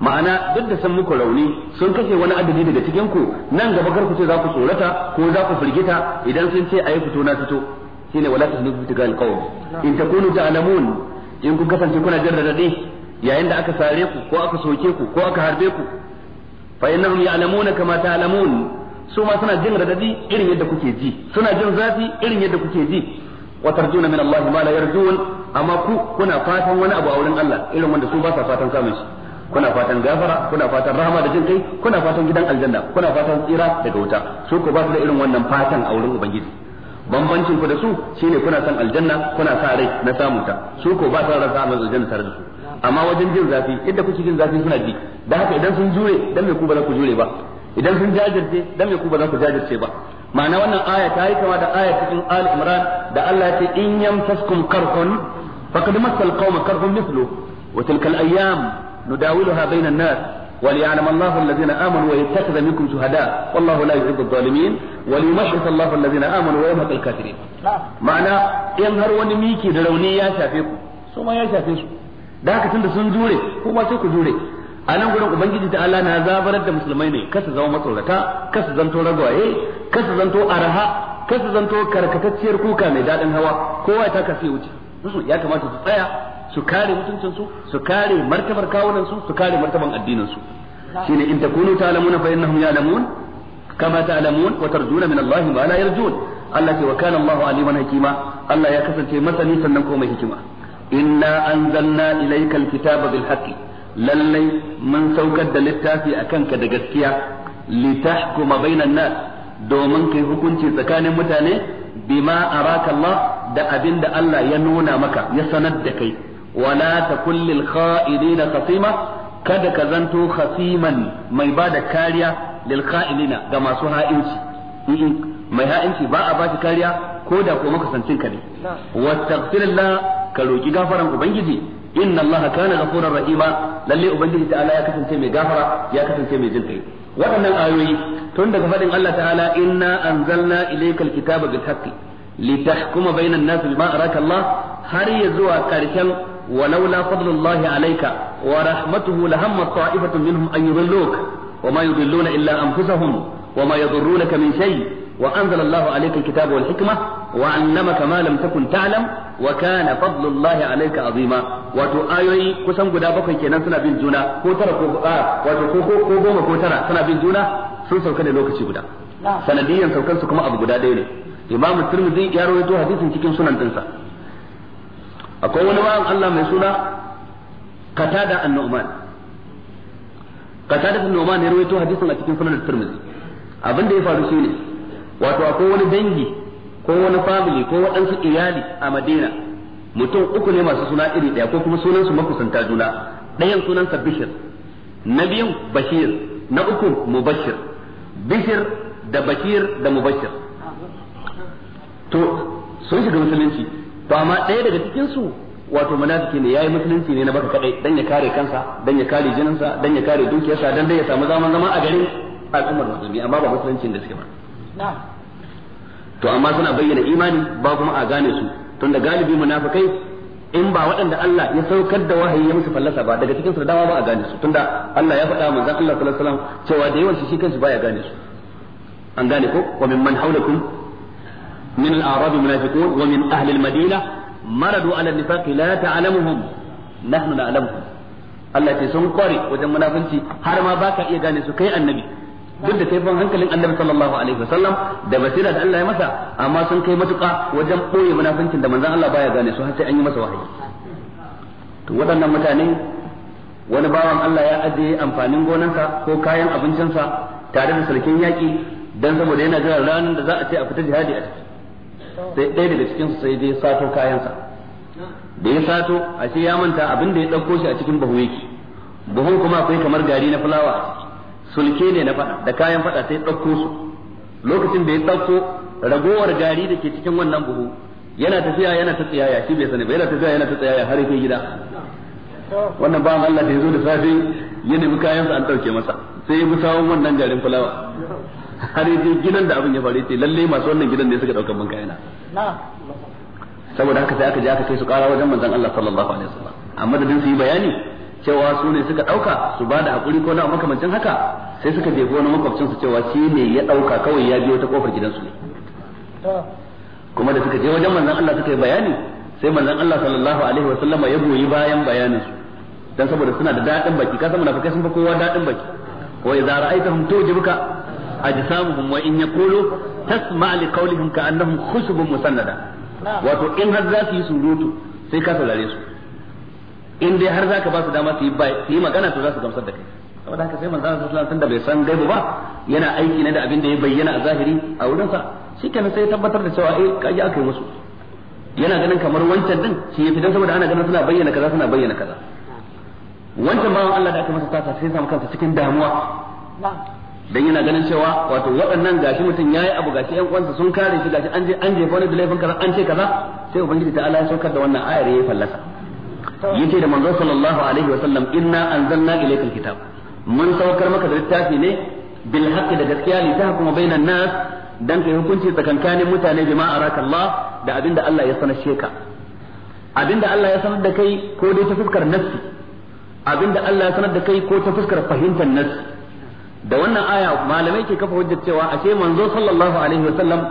ma'ana duk da san muku rauni sun kashe wani adadi daga cikin ku nan gaba kar ku ce za ku tsorata ko za ku firgita idan sun ce ayi fito na fito shine wala tahnu bi tigal qawm in takunu ta'lamun in kun kasance kuna jarrada dai yayin da aka sare ku ko aka soke ku ko aka harbe ku fa innahum ya'lamuna kama ta'lamun su ma suna jin radadi irin yadda kuke ji suna jin zafi irin yadda kuke ji wa tarjuna min Allah ma la yarjun amma ku kuna fatan wani abu a wurin Allah irin wanda su ba sa fatan samun shi kuna fatan gafara kuna fatan rahama da jin kai kuna fatan gidan aljanna kuna fatan tsira daga wuta su ku ba su da irin wannan fatan a wurin ubangiji bambancin ku da su shine kuna san aljanna kuna sa rai na samunta su ko ba sa ran samun aljanna tare da su amma wajen jin zafi inda kuke jin zafi suna ji dan haka idan sun jure dan me ku ba za ku jure ba idan sun jajirce dan me ku ba za ku jajirce ba ma'ana wannan aya ta yi kama da aya cikin al imran da Allah ya ce in yamtaskum karhun faqad masal qaum karhun mithlu wa tilka al ayyam nudawiluha bainan nas وليعلم الله الذين امنوا ويتخذ منكم شهداء والله لا يحب الظالمين وليمحص الله الذين امنوا ويمحق الكافرين معنى ان هر wani miki da rauni ya shafe ku su ma ya shafe su da haka tunda sun jure ko ba sai ku jure a nan gurin ubangiji ta Allah na zabarar da musulmai ne kasa zama matsorata kasa zanto ragwaye kasa zanto araha kasa zanto karkatacciyar kuka mai daɗin hawa kowa ya taka sai wuce hmm, ya kamata su tsaya su kare mutuncinsu su kare martabar kawunansu su kare martaban addininsu shine in takunu ta'lamuna fa innahum ya'lamun kama ta'lamun wa tarjuna min Allah ma la yarjun Allah ce wa kana Allahu aliman hakima Allah ya kasance masani sannan ko mai hikima inna anzalna ilayka alkitaba bil bilhakki lallai mun saukar da littafi a kanka da gaskiya litahkuma bainan nas domin kai hukunci tsakanin mutane bima araka Allah da abinda Allah ya nuna maka ya sanar da kai wala takul lil kha'idina khasima kada ka zanto khasiman mai bada kariya lil kha'idina ga masu ha'inci mai ha'inci ba a bashi kariya ko da ko makusancin ka ne ka roki gafaran ubangiji inna allaha kana ghafurur rahima lalle ubangiji ta'ala ya kasance mai gafara ya kasance mai jin kai waɗannan ayoyi tun daga faɗin Allah ta'ala inna anzalna ilaykal kitaba bil haqqi litahkuma bainan nas bima araka Allah har ya zuwa karshen ولولا فضل الله عليك ورحمته لهم طائفة منهم أن يضلوك وما يضلون إلا أنفسهم وما يضرونك من شيء وأنزل الله عليك الكتاب والحكمة وعلمك ما لم تكن تعلم وكان فضل الله عليك عظيما wato ayoyi kusan guda bakwai kenan suna bin juna ko tara ko a ah, wato ko ko goma ko tara suna bin juna sun sauka ne lokaci guda sanadiyan saukar su kuma abu guda ɗaya ne imam tirmidhi ya rawaito hadisin cikin sunan dinsa akwai wani bawan Allah mai suna qatada an-nu'man qatada an-nu'man ya rawaito hadisin a cikin sunan tirmidhi abin da ya faru shine wato akwai wani dangi ko wani family ko waɗansu iyali a madina mutum uku ne masu suna iri ɗaya ko kuma sunansu makusanta juna ɗayan sunansa bishir na biyun bashir na uku mubashir bishir da bashir da mubashir to sun shiga musulunci to amma ɗaya daga cikinsu wato munafiki ne yayi musulunci ne na baka kadai dan ya kare kansa dan ya kare jininsa dan ya kare dukiyarsa dan dai ya samu zaman zama a garin al'ummar musulmi amma ba musuluncin da suke ba na'am to amma suna bayyana imani ba kuma a gane su tunda galibi munafikai in ba waɗanda Allah ya saukar da wahayi ya musu fallasa ba daga cikin su dama ba a gane su tunda Allah ya faɗa manzon Allah sallallahu alaihi wasallam cewa da yawan shi kansu baya gane su an gane ko wa min man haulakum min al-a'rab munafiqun wa min ahli al-madina maradu ala an-nifaq la ta'lamuhum nahnu na'lamuhum Allah ce sun kware wajen munafunci har ma baka iya gane su kai annabi duk da taifin hankalin annabi sallallahu alaihi wasallam da basira da Allah ya masa amma sun kai matuƙa wajen ɓoye munafincin da manzon Allah baya gane su har sai an yi masa wahayi to waɗannan mutane wani bawan Allah ya ajiye amfanin gonarsa ko kayan abincinsa tare da sarkin yaki dan saboda yana jiran ranar da za a ce a fita jihadi a ciki sai ɗaya daga cikinsu sai dai sato kayansa da ya sato ashe ya manta abin da ya ɗauko shi a cikin buhu yake buhun kuma akwai kamar gari na fulawa sulke ne na fada da kayan fada sai ɗauko su lokacin da ya ɗauko ragowar gari da ke cikin wannan buhu yana tafiya yana ta tsiyaya shi bai sani ba yana tafiya yana ta tsiyaya har yake gida wannan bawan Allah da ya zo da safe ya nemi kayan sa an ɗauke masa sai ya bi sawon wannan garin fulawa har yake gidan da abin ya faru ce lalle masu wannan gidan ne suka ɗaukan mun kayana saboda haka sai aka je aka kai su ƙara wajen manzon Allah sallallahu alaihi wasallam amma da su yi bayani cewa su ne suka dauka su ba da hakuri ko na makamancin haka sai suka jefi wani makwabcin su cewa shi ne ya dauka kawai ya biyo ta kofar gidansu ne kuma da suka je wajen manzon Allah suka yi bayani sai manzon Allah sallallahu alaihi wasallama ya goyi bayan bayanin su dan saboda suna da dadin baki ka san munafikai sun fa kowa dadin baki wa idza ra'aytahum tujibuka ajsamuhum wa in yaqulu tasma' li qawlihim ka'annahum khushubun musannada wato in har za su yi surutu sai ka saurare su in dai har zaka ba su dama su yi magana to za su gamsar da kai saboda haka sai manzo Allah sallallahu alaihi tunda bai san gaibu ba yana aiki ne da abin da ya bayyana a zahiri a wurin sa shikenan sai ya tabbatar da cewa eh kaji aka yi musu yana ganin kamar wancan din shi yafi dan saboda ana ganin suna bayyana kaza suna bayyana kaza wancan bawan Allah da aka masa tata sai samu kansa cikin damuwa dan yana ganin cewa wato waɗannan gashi mutum yayi abu gashi ɗan uwansa sun kare shi gashi an je an jefa wani da laifin kaza an ce kaza sai ubangiji ta Allah ya saukar da wannan ayar ya fallasa yace da manzo sallallahu alaihi wasallam inna anzalna ilayka alkitab mun saukar maka da littafi ne bil haqqi da gaskiya li tahkuma bainan nas dan kai hukunci tsakankanin mutane jama'a araka da abinda Allah ya sanar sheka abinda Allah ya sanar da kai ko dai ta fuskar nafsi abinda Allah ya sanar da kai ko ta fuskar fahimtar nafsi da wannan aya malamai ke kafa hujjar cewa ashe manzo sallallahu alaihi wasallam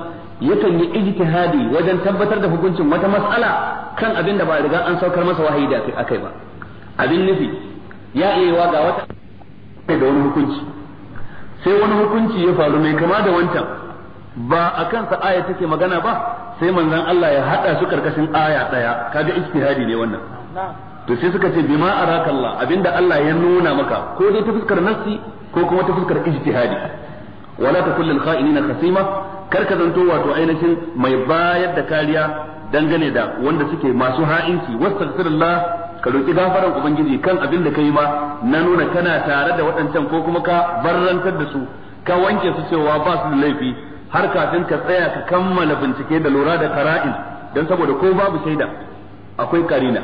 yakan yi ijtihadi wajen tabbatar da hukuncin wata mas'ala kan abin da ba riga an saukar masa wahayi da akai ba abin nufi ya iya yiwa ga wata da wani hukunci sai wani hukunci ya faru mai kama da wancan ba a kansa aya take magana ba sai manzon Allah ya hada su karkashin aya daya kaga ijtihadi ne wannan to sai suka ce bima arakallah abinda Allah ya nuna maka ko dai ta fuskar nassi ko kuma ta fuskar ijtihadi wala kullu al kha'inina khasima kar ka zanto wato ainihin mai bayar da kariya dangane da wanda suke masu ha'inci wastaghfirullah ka roki gafaran ubangiji kan abin da kai ma na nuna kana tare da waɗancan ko kuma ka barrantar da su ka wanke su cewa ba su da laifi har kafin ka tsaya ka kammala bincike da lura da kara'in dan saboda ko babu shaida akwai karina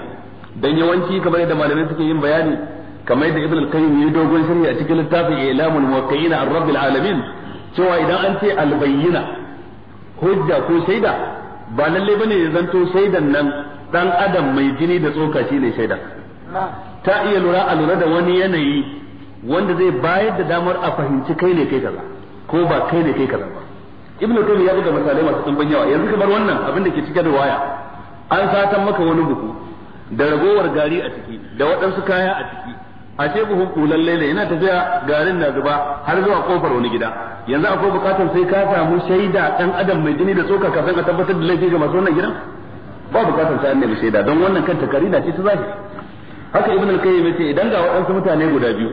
dan yawanci kamar yadda malamai suke yin bayani kamar yadda ibn al-qayyim ya dogon shari'a a cikin littafin ilamul muwaqqi'in ar-rabbil alamin cewa idan an ce albayyina hujja ko shaida ba lalle bane ya zanto shaidan nan dan adam mai jini da tsoka shi ne shaida ta iya lura a lura da wani yanayi wanda zai bayar da damar a fahimci kai ne kai kaza ko ba kai ne kai kaza ba ibnu ya buga misalai masu tsumbin yawa yanzu kamar wannan abin da ke da waya an satan maka wani buku da ragowar gari a ciki da waɗansu kaya a ciki A ashe buhun kulan laila yana tafiya garin na zuba har zuwa kofar wani gida yanzu akwai bukatar sai ka samu shaida dan adam mai jini da tsoka kafin a tabbatar da laifi ga masu wannan gidan ba bukatar sai annabi shaida don wannan kan karina ce ta zahiri haka ibn al-qayyim yace idan ga waɗansu mutane guda biyu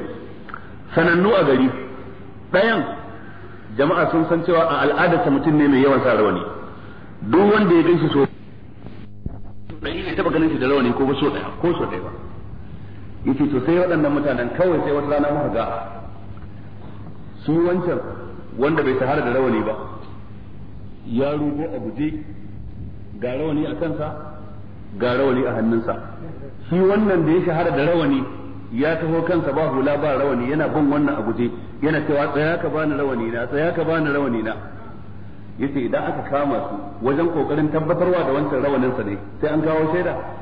sanannu a gari ɗayan jama'a sun san cewa a al'adarsa mutum ne mai yawan sa rawani duk wanda ya ganshi so ɗaya ya taɓa ganin shi da rawani ko so ɗaya ko so ɗaya ba yace to sai waɗannan mutanen kawai sai wata rana muka ga su wancan wanda bai tahara da rawani ba ya rugo a guje ga rawani a kansa ga rawani a hannunsa shi wannan da ya shahara da rawani ya taho kansa ba hula ba rawani yana bin wannan a guje yana cewa tsaya ka bani rawani na tsaya ka bani rawani na yace idan aka kama su wajen kokarin tabbatarwa da wancan rawaninsa ne sai an kawo shaida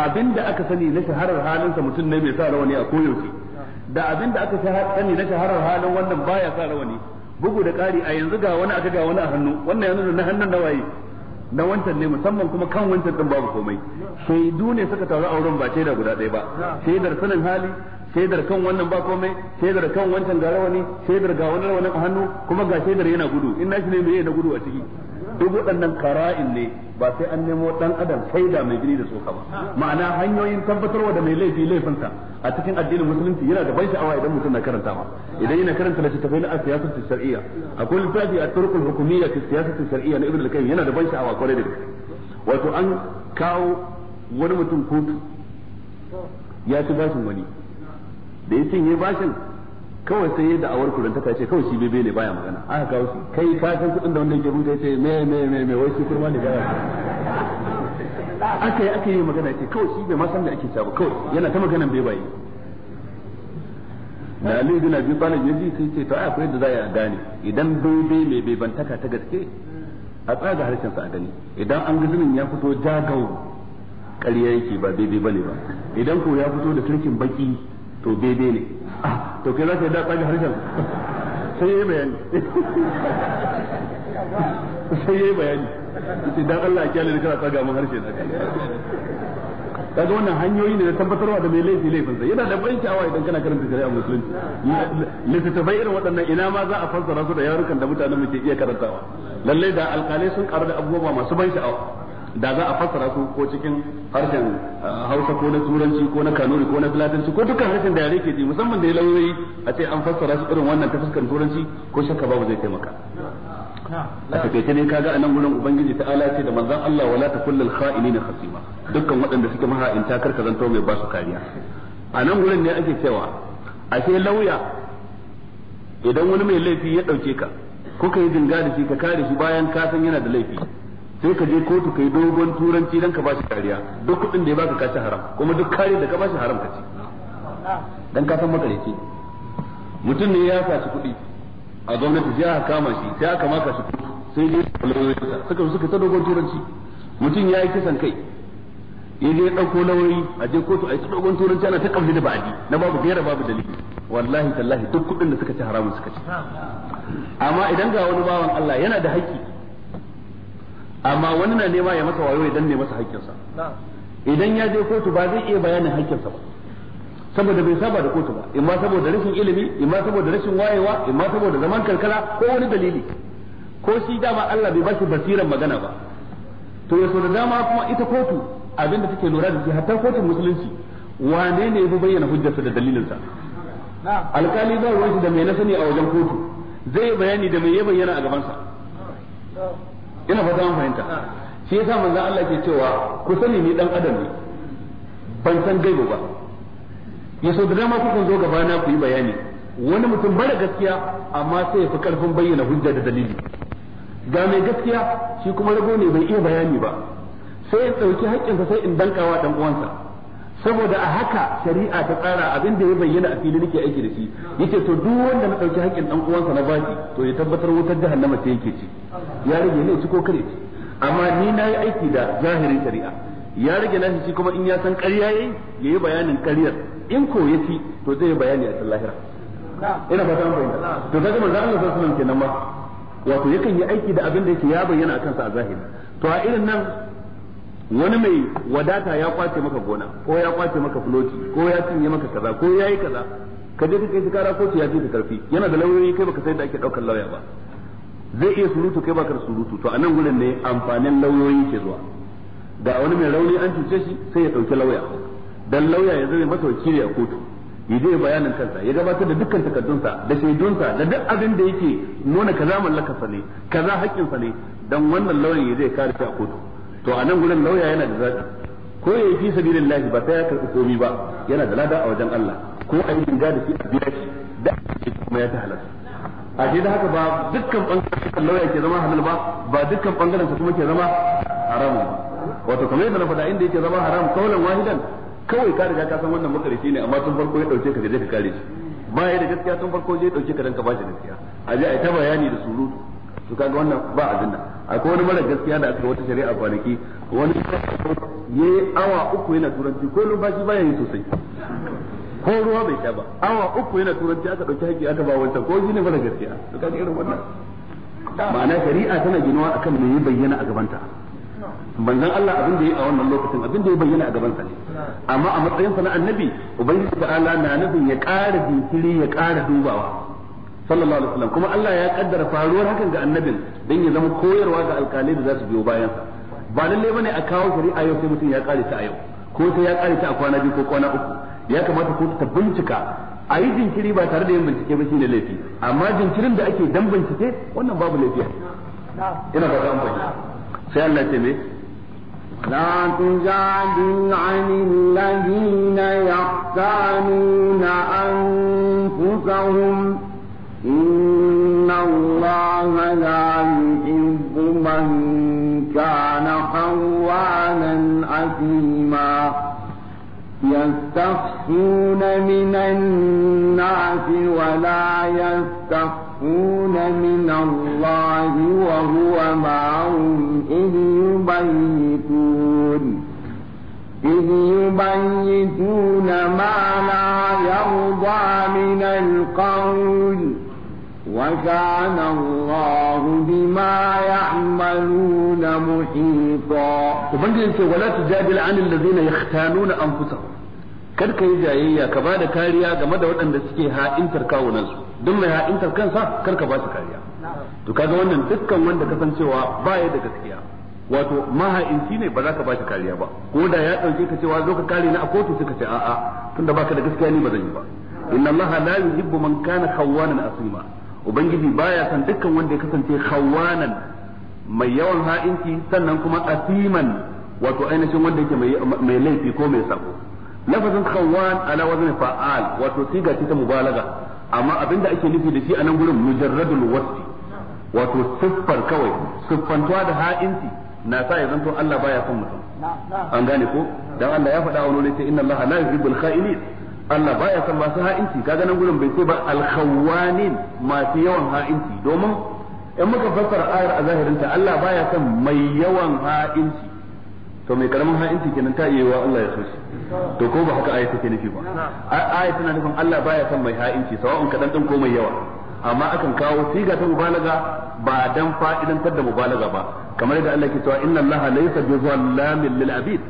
Abin da aka sani na shaharar halinsa mutum ne mai sa rawani a koyaushe da abin da aka sani na shaharar halin wannan baya sa rawani bugu da ƙari a yanzu ga wani aka ga wani a hannu wannan yanzu na hannun na waye na wancan ne musamman kuma kan wancan din babu komai shaidu ne suka taru auren ba da guda ɗaya ba shaidar sanin hali shaidar kan wannan ba komai shaidar kan wancan ga rawani shaidar ga wani rawanin a hannu kuma ga shaidar yana gudu in shi ne mai yana gudu a ciki duk waɗannan kara'in ne ba sai an nemo ɗan adam faida mai gini da tsoka ba ma'ana hanyoyin tabbatarwa da mai laifi laifinsa a cikin addinin musulunci yana da ban sha'awa idan mutum na karantawa idan yana karanta tafai na siyasar shar'iyya akwai littafi a turkul hukumiyya fi siyasar shar'iyya na ibn al-qayyim yana da ban sha'awa kwarai da gaske wato an kawo wani mutum kotu ya ci bashin wani da ya cinye bashin kawai sai yadda awar ta ce kawai shi bebe ne baya magana aka kawo shi kai ka san kudin da wannan gero da ce me me me me wai shi kurma ne baya aka yi aka yi magana ce kawai shi bai ma san da ake cewa kawai yana ta maganan bai bai da Ali bin Abi Talib yaji sai ce to ai akwai yadda za a gane idan bebe mai bebantaka ta gaske a tsaga harshen sa a gani idan an gudunin ya fito jagau ƙarya yake ba bebe bane ba idan ko ya fito da turkin baki to bebe ne to kai za ka yi da tsage harshen sai yayi bayani sai yayi bayani sai dan Allah ya kyale kana tsaga mun harshe da kai kaga wannan hanyoyi ne na tabbatarwa da mai laifi laifin sa yana da ban sha'awa idan kana karanta shari'a musulunci littattafai irin waɗannan ina ma za a fassara su da yarukan da mutanen mu ke iya karantawa lallai da alƙalai sun ƙaru da abubuwa masu ban sha'awa da za a fassara su ko cikin harshen uh, hausa ko na turanci ko na kanuri ko na filatanci ko dukkan harshen da yare ke ji musamman da ya lauyoyi a ce an fassara su irin wannan ta fuskar turanci ko shakka babu zai taimaka a takaice ne kaga a nan gurin ubangiji ta ala ce da manzan Allah wala ta kullal na khasima dukkan waɗanda suke maha'inta kar ka zanto mai ba su kariya a nan gurin ne ake cewa ce lauya idan wani mai laifi ya ɗauke ka kuka yi dinga da shi ka kare shi bayan ka san yana da laifi sai ka je kotu kai dogon turanci dan ka bashi kariya duk kudin da ya baka ka ci haram kuma duk kare da ka bashi haram ka ci dan ka san makareci mutum ne ya saci kuɗi a gwamnati sai aka kama shi sai aka maka shi sai dai lauyoyinsa suka suka ta dogon turanci mutum ya yi kisan kai ya je ɗauko lauyoyi a je kotu a yi dogon turanci ana ta kamfi da ba'adi na babu gaira babu dalili wallahi tallahi duk kudin da suka ci haramun suka ci amma idan ga wani bawan Allah yana da haƙƙi amma wani na nema ya masa wayo idan ne masa haƙƙinsa idan ya je kotu ba zai iya bayanin haƙƙinsa ba saboda bai saba da kotu ba imma saboda rashin ilimi imma saboda rashin wayewa imma saboda zaman karkara ko wani dalili ko shi dama Allah bai bashi basiran magana ba to ya so da dama kuma ita kotu abinda take lura da shi hatta kotun musulunci wane ne ya bayyana hujjarsa da dalilinsa alkali zai ruwan da mai na sani a wajen kotu zai bayani da mai ya bayyana a gabansa ina fata an fahimta ah. shi yasa manzon Allah ke cewa ku sani ni dan adam ne ban san gaibo ba ya so da dama kukan zo gaba na ku yi bayani wani mutum bara gaskiya amma sai ya fi karfin bayyana hujja da dalili ga mai gaskiya shi kuma rago ne bai iya bayani ba sai ya ɗauki haƙƙinsa sai in dankawa dan uwansa saboda a haka shari'a ta tsara abin da ya bayyana a fili nake aiki da shi yace to duk wanda na dauki haƙƙin dan uwansa na baki to ya tabbatar wutar jahannama ce yake ci ya rage ne ci ko kare ci amma ni nayi aiki da zahirin shari'a ya rage nashi shi kuma in ya san ƙarya yayi yayi bayanin ƙaryar in ko ya ci to zai bayani a cikin lahira ina fata an fahimta to kaga manzo Allah sallallahu alaihi wasallam kenan ma wato yakan yi aiki da abin da yake ya bayyana akan sa a zahiri to a irin nan wani mai wadata ya kwace maka gona ko ya kwace maka floti ko ya cinye maka kaza ko ya yi kaza ka je kai shi kara kotu ya je ka karfi yana da lauyoyi kai baka sai da ake daukar lauya ba zai iya surutu kai baka surutu to anan nan gurin ne amfanin lauyoyi ke zuwa ga wani mai rauni an cuce shi sai ya dauki lauya dan lauya ya zai masa wakili a kotu ya je bayanin kansa ya gabatar da dukkan takardunsa da shaidunsa da duk abin da yake nuna kaza mallakarsa ne kaza haƙƙinsa ne dan wannan lauyan ya zai kare shi a kotu to a nan gurin lauya yana da zaɓi ko ya yi fi sabilillahi ba ta ya karɓi komi ba yana da lada a wajen Allah ko a yi riga da shi a biya shi da kuma ya ta halar a ce da haka ba dukkan bangaren lauya ke zama halal ba ba dukkan bangaren kuma ke zama haram wato kamar yadda na faɗa inda yake zama haram kaulan wahidan kawai ka riga ka san wannan makarici ne amma tun farko ya ɗauke ka je ka kare shi ba ya da gaskiya tun farko je ya ɗauke ka dan ka shi gaskiya a je a ta bayani da surutu to kaga wannan ba abin nan akwai wani mara gaskiya da aka wata shari'a kwanaki wani yi awa uku yana turanci ko numfashi baya yi sosai ko ruwa bai sha ba awa uku yana turanci aka ɗauki haƙi aka ba wancan ko shi ne mara gaskiya to kaga irin wannan ma'ana shari'a tana ginuwa akan me ya bayyana a gabanta manzon Allah abin da yi a wannan lokacin abin da ya bayyana a gabansa ne amma a matsayin sa na annabi ubangiji ta'ala na nufin ya ƙara jinkiri ya ƙara dubawa sallallahu alaihi wasallam kuma Allah ya kaddara faruwar hakan ga annabin dan ya zama koyarwa ga alƙalai da za su biyo bayan sa ba lalle bane a kawo shari'a yau sai mutum ya kare ta a yau ko sai ya kare ta a kwana biyu ko kwana uku ya kamata ko ta bincika a yi jinkiri ba tare da yin bincike ba shine laifi amma jinkirin da ake dan bincike wannan babu laifi ina ba ka amfani sai Allah ya ce me لا تجادل عن الذين يختانون أنفسهم إن الله لا يحب من كان خوانا أثيما يستخفون من الناس ولا يستخفون من الله وهو معهم إذ يبيتون إذ يبيتون ما لا يرضى من القول وكان الله بما يعملون محيطا وبنجي ولا تجادل عن الذين يختانون انفسهم kar ka yi jayayya ka ba da kariya game da waɗanda suke ha'intar su don mai ha'intar kansa kar ka ba su kariya to kaga wannan dukkan wanda kasancewa ba ya da gaskiya wato maha'inci ne ba za ka ba shi kariya ba ko da ya ɗauke ka cewa zo ka kare ni a kotu suka ce a'a tunda baka da gaskiya ni ba zan yi ba inna allaha la yuhibbu man kana khawwanan asima ubangiji baya san dukkan wanda ya kasance khawanan mai yawan ha'inci sannan kuma asiman wato ainihin wanda yake mai laifi ko mai sako lafazin khawan ala wazni fa'al wato siga ce ta mubalaga amma abinda ake nufi da shi a nan gurin mujarradul wasfi wato siffar kawai siffantuwa da ha'inci na sa ya zanto Allah baya son mutum an gane ko dan Allah ya faɗa wani ne sai inna Allah la yuhibbul kha'inin Allah baya san masu ha'inci kaga nan gurin bai ce ba alkhawanin masu yawan ha'inci domin in muka fassara ayar a zahirinta Allah baya san mai yawan ha'inci to mai karamin ha'inci kenan ta iya yiwa Allah ya so shi to ko ba haka aya take nufi ba aya tana nufin Allah baya san mai ha'inci sawa'un kaɗan ɗin ko mai yawa amma akan kawo siga ta mubalaga ba dan fa'idantar da mubalaga ba kamar yadda Allah ke cewa inna Allah laysa lamin lil abid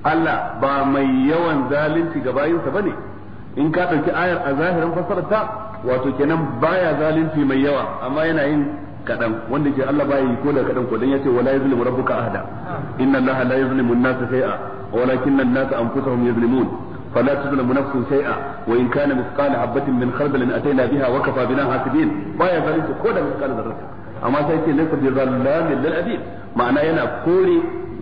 Allah ba mai yawan zalunci ga bayinsa bane in ka ɗauki ayar a zahirin fassarar ta wato kenan baya zalunci mai yawa amma yana yin kaɗan wanda ke Allah baya yi ko da kaɗan ko dan yace wala yuzlimu rabbuka ahada inna allaha la yuzlimu an-nasa shay'a walakinna an-nasa anfusahum yuzlimun فلا تظلم نفس شيئا وان كان مثقال حبه من خردل اتينا بها وكفى بنا حاسبين baya zalunci ko da مثقال ذره amma sai ce laysa bi zallamin lil abid ma'ana yana kore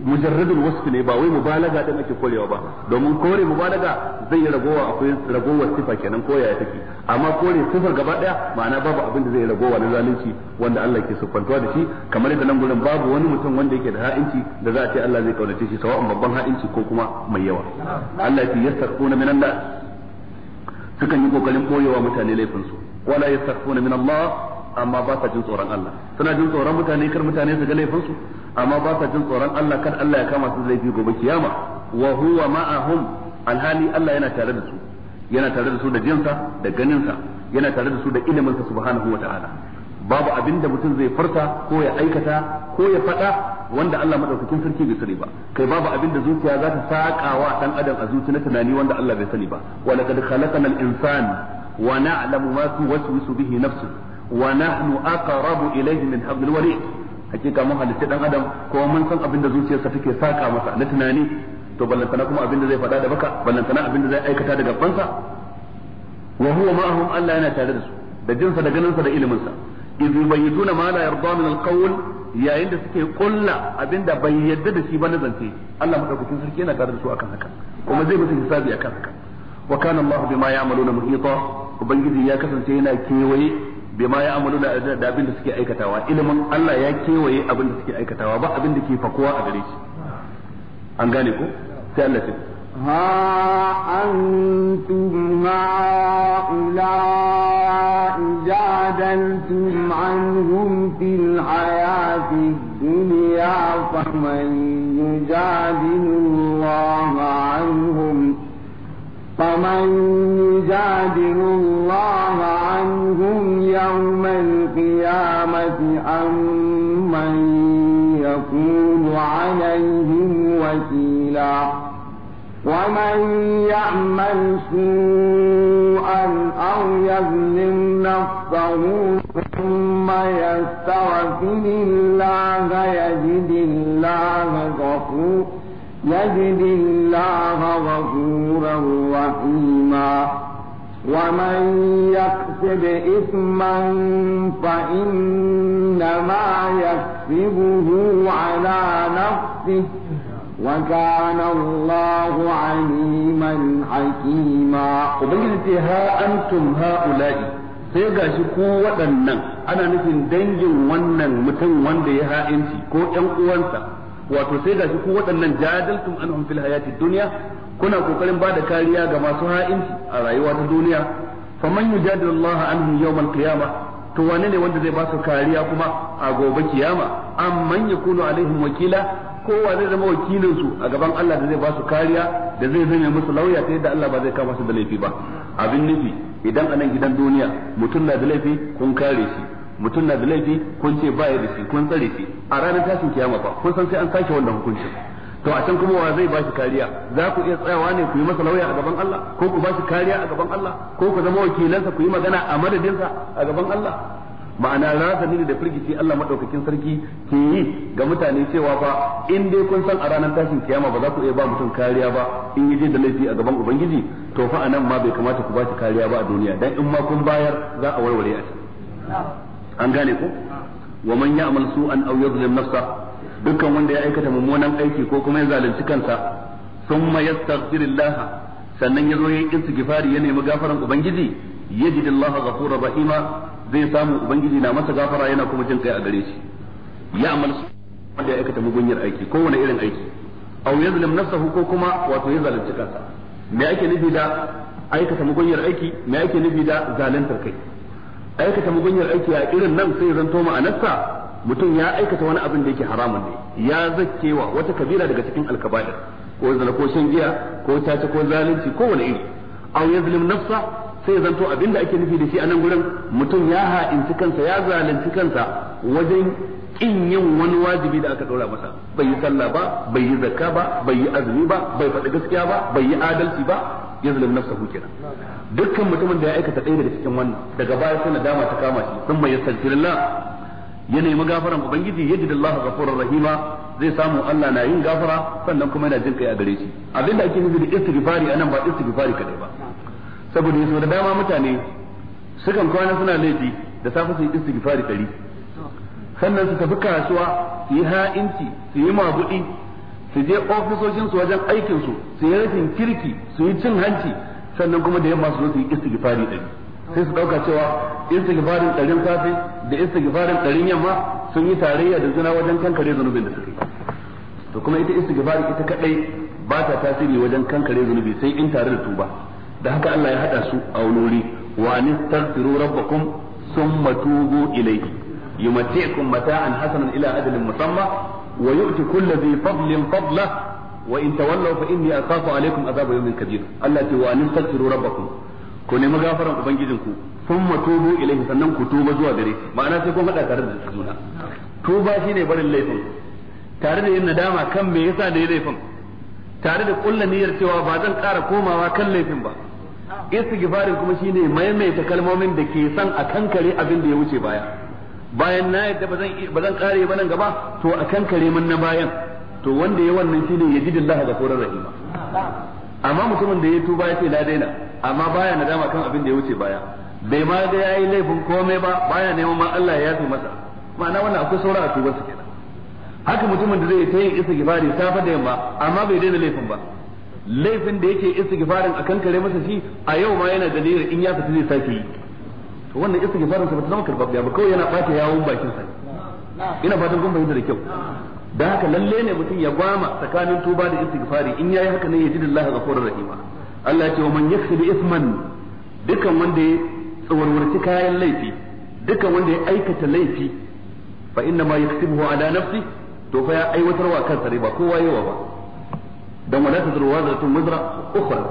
mujarradul wasf ne ba wai mubalaga din ake korewa ba domin kore mubalaga zai yi ragowa akwai ragowar sifa kenan ko take amma kore sifar gaba daya ma'ana babu abin da zai yi ragowa na zalunci wanda Allah ke siffantuwa da shi kamar yadda nan gurin babu wani mutum wanda yake da ha'inci da za a ce Allah zai kaunace shi sawa'un babban ha'inci ko kuma mai yawa Allah ya yasarquna minan nas sukan yi kokarin koyewa mutane laifin su wala yasarquna min Allah amma ba sa jin tsoron Allah suna jin tsoron mutane kar mutane su ga laifin su amma ba sa jin tsoron Allah kar Allah ya kama su laifi gobe kiyama wa huwa ma'ahum alhali Allah yana tare da su yana tare da su da jinsa da ganinsa yana tare da su da ilimin sa subhanahu wata'ala babu abin da mutum zai farta ko ya aikata ko ya faɗa wanda Allah madaukakin sarki bai sani ba kai babu abin da zuciya za ta sakawa dan adam a zuci na tunani wanda Allah bai sani ba wa laqad khalaqnal insana wa na'lamu ma tuwaswisu bihi nafsuhu wa nahnu ilai ilayhi min hablil warid hakika mun halitta dan adam ko mun san abin da zuciyarsa take saka masa na tunani to ballantana kuma abin da zai faɗa da baka ballantana abin zai aikata da gabansa wa huwa yana tare da su da jinsa da ganinsa da iliminsa iz yubayyituna ma la yarda min alqawl yayin da suke kulla abinda bai yarda da shi ba na zance Allah madaukakin sarki yana tare da su akan haka kuma zai musu hisabi akan haka wa kana Allah bima ya'maluna muhita ubangiji ya kasance yana kewaye bima ya amalu da da abin da suke aikatawa ilimin Allah ya kewaye abin da suke aikatawa ba abin da ke fakuwa a gare shi an gane ko sai Allah ya ها أنتم هؤلاء جادلتم عنهم في الحياة الدنيا فمن يجادل الله عنهم فمن يجادل الله عنهم يوم القيامة أم من يكون عليهم وكيلا ومن يعمل سوءا أو يظلم نفسه ثم يستغفر الله يجد الله غفورا يجد الله غفورا رحيما ومن يكسب إثما فإنما يكسبه على نفسه وكان الله عليما حكيما وبنجد ها أنتم هؤلاء sai ga shi ko waɗannan ana nufin dangin wannan mutum wanda ya ha'inci ko ‘yan uwansa wato sai gashi ku waɗannan jadaltum anhum fil hayati dunya kuna kokarin bada kariya ga masu ha'inci a rayuwa ta duniya faman yujadilu Allah anhum yawmal qiyamah to wane ne wanda zai ba su kariya kuma a gobe kiyama amman yakunu alaihim wakila kowa zai zama wakilin su a gaban Allah da zai ba su kariya da zai zame musu lauya ta yadda Allah ba zai kama su da laifi ba abin nufi idan anan gidan duniya mutum na da laifi kun kare shi mutum na da laifi kun ce ba ya da shi kun tsare shi a ranar tashin kiyama fa kun san sai an sake wannan hukuncin to a can kuma wa zai ba shi kariya za ku iya tsayawa ne ku yi masa lauya a gaban Allah ko ku ba shi kariya a gaban Allah ko ku zama wakilansa ku yi magana a madadinsa a gaban Allah ma'ana razani da firgici Allah madaukakin sarki ke yi ga mutane cewa fa in dai kun san a ranar tashin kiyama ba za ku iya ba mutum kariya ba in yi je da laifi a gaban ubangiji to fa anan ma bai kamata ku ba shi kariya ba a duniya dan in ma kun bayar za a warware a an gane ko wa man ya'mal su'an aw yadhlim nafsa dukkan wanda ya aikata mummunan aiki ko kuma ya zalunci kansa thumma yastaghfirullah sannan ya zo yayin istighfari ya nemi gafaran ubangiji yajidullaha ghafurur rahima zai samu ubangiji na masa gafara yana kuma jin kai a gare shi ya'mal wanda ya aikata mugunyar aiki ko wani irin aiki aw yazlim nafsahu ko kuma wato ya zalunci kansa me ake nufi da aikata mugunyar aiki me ake nufi da zaluntar kai aikata mugunyar aiki a irin nan sai zanto ma'anarsa mutum ya aikata wani abin da yake haramun ne ya zakkewa wata kabila daga cikin alkaba'ir ko zina ko shan giya ko tace ko zalunci ko wani iri aw yazlim nafsa sai zanto abinda ake nufi da shi a nan gurin mutum ya ha'inci kansa ya zalunci kansa wajen kin yin wani wajibi da aka ɗora masa bai yi sallah ba bai yi zakka ba bai yi azumi ba bai faɗi gaskiya ba bai yi adalci ba ya zulum nafsahu kenan dukkan mutumin da ya aikata ɗaya daga cikin wannan daga baya sai nadama ta kama shi sun mai yastaghfirullah ya nemi gafaran ubangiji yajidallahu ghafurur rahima zai samu Allah na yin gafara sannan kuma yana jin kai a gare shi abinda ake nufi da istighfari anan ba istighfari kadai ba saboda yaso da dama mutane sukan kwana suna laifi da safe su yi istighfari dari sannan su tafi kasuwa su yi ha'inci su yi mabudi su je ofisoshin su wajen aikin su su yi rashin kirki su yi cin hanci sannan kuma da yamma su zo su yi istighfari dari sai su dauka cewa istighfarin ɗarin safe da istighfarin ɗarin yamma sun yi tarayya da zina wajen kankare zunubin da suka yi to kuma ita istighfari ita kadai ba ta tasiri wajen kankare zanubi sai in tare da tuba da haka Allah ya hada su a wuri wa nistaghfiru rabbakum thumma tubu ilayhi yumati'kum mata'an hasanan ila ajalin musamma wa yu'ti kulli dhi fadlin wa in tawallaw fa inni akhafu alaykum adhab yawmin kabir Allah ce wa nistaghfiru rabbakum ku nemi gafaran ubangijinku thumma tubu ilayhi sannan ku tuba zuwa gare shi ma'ana sai kun hada tare da juna tuba shine barin laifin tare da yin nadama kan me yasa da yi laifin tare da ƙulla niyyar cewa ba zan ƙara komawa kan laifin ba istighfarin kuma shine maimaita kalmomin da ke san a kankare abin da ya wuce baya bayan na yadda ba zan kare ba nan gaba to a kankare mun na bayan to wanda ya wannan shine ya ji dillaha da koran rahima amma mutumin da ya tuba ya ce na daina amma baya dama kan abin da ya wuce baya bai ma ga yayi laifin komai ba baya neman ma Allah ya yafe masa ma'ana wannan akwai saura a tubar su kenan haka mutumin da zai ta yin istighfari safa da yamma amma bai daina laifin ba laifin da yake istighfarin a kankare masa shi a yau ma yana da niyyar in ya fita zai sake yi to wannan istighfarin sa ba ta zama karbabbiya ba kawai yana bata yawon bakin sa ina fatan kun fahimta da kyau dan haka lalle ne mutum ya gwama tsakanin tuba da istighfari in yayi haka ne ya ji lillahi ghafurur rahima Allah ya ce wa man yaksibu isman dukan wanda ya tsawarwarci kayan laifi dukan wanda ya aikata laifi fa inna ma yaksibuhu ala nafsi to fa ya aiwatarwa kansa ne ba kowa yawa ba don wala tazru wazratun wizra ukhra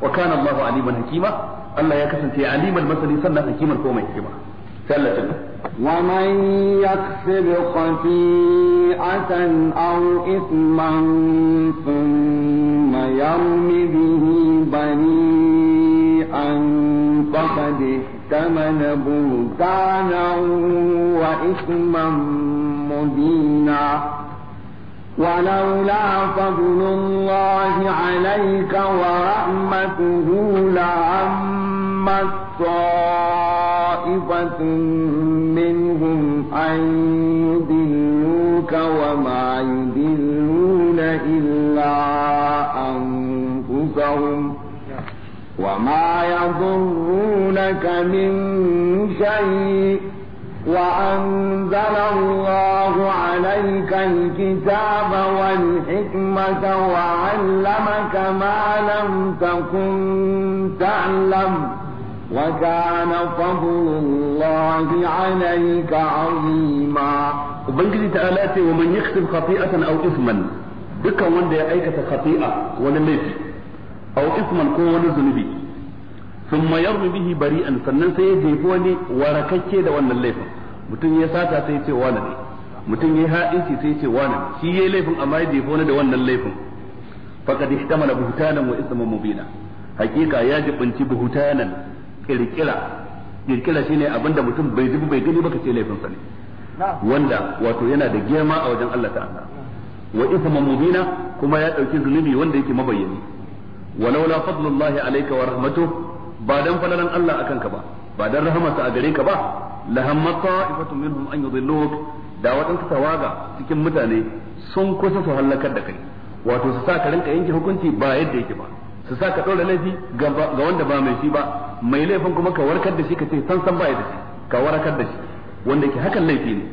wa kana Allahu aliman hakima Allah ya kasance aliman masali sannan hakiman ko mai hikima sai Allah ta ومن يكسب خطيئة aw isman thumma يرم به بريئا فقد احتمل بهتانا وإثما مبينا ولولا فضل الله عليك ورحمته لعمت طائفة منهم أن يدلوك وما يدلون إلا أنفسهم وما يضرونك من شيء وأنزل الله عليك الكتاب والحكمة وعلمك ما لم تكن تعلم وكان فضل الله عليك عظيما وبنجد تعالى ومن يكتب خطيئة أو إثما بك وان دي أيكة خطيئة ونميت أو إثما كون ونزنبي ثم يرمي به بريئا فننسى يجيبوني وركتشي دوانا الليفة mutum ya sata sai ce wani ne mutum ya ha'inci sai ce wani ne shi yayi laifin amma ya jefa da wannan laifin faqad ihtamala buhtanan wa isman mubina hakika ya jibinci buhtanan kirkira kirkira shine da mutum bai dubi bai gani ba kace laifin sa ne wanda wato yana da girma a wajen Allah ta'ala wa isman mubina kuma ya dauki zunubi wanda yake mabayyani walaula fadlullahi alayka wa rahmatuhu ba dan falalan Allah akan ka ba ba dan rahamarsa a gare ka ba la hamma ta'ifatu minhum an yudilluk da waɗansu tawaga cikin mutane sun kusa su halakar da kai wato su sa ka rinka yanke hukunci ba yadda yake ba su sa ka ɗora laifi ga wanda ba mai shi ba mai laifin kuma ka warkar da shi ka ce san san baya da shi ka warkar da shi wanda yake hakan laifi ne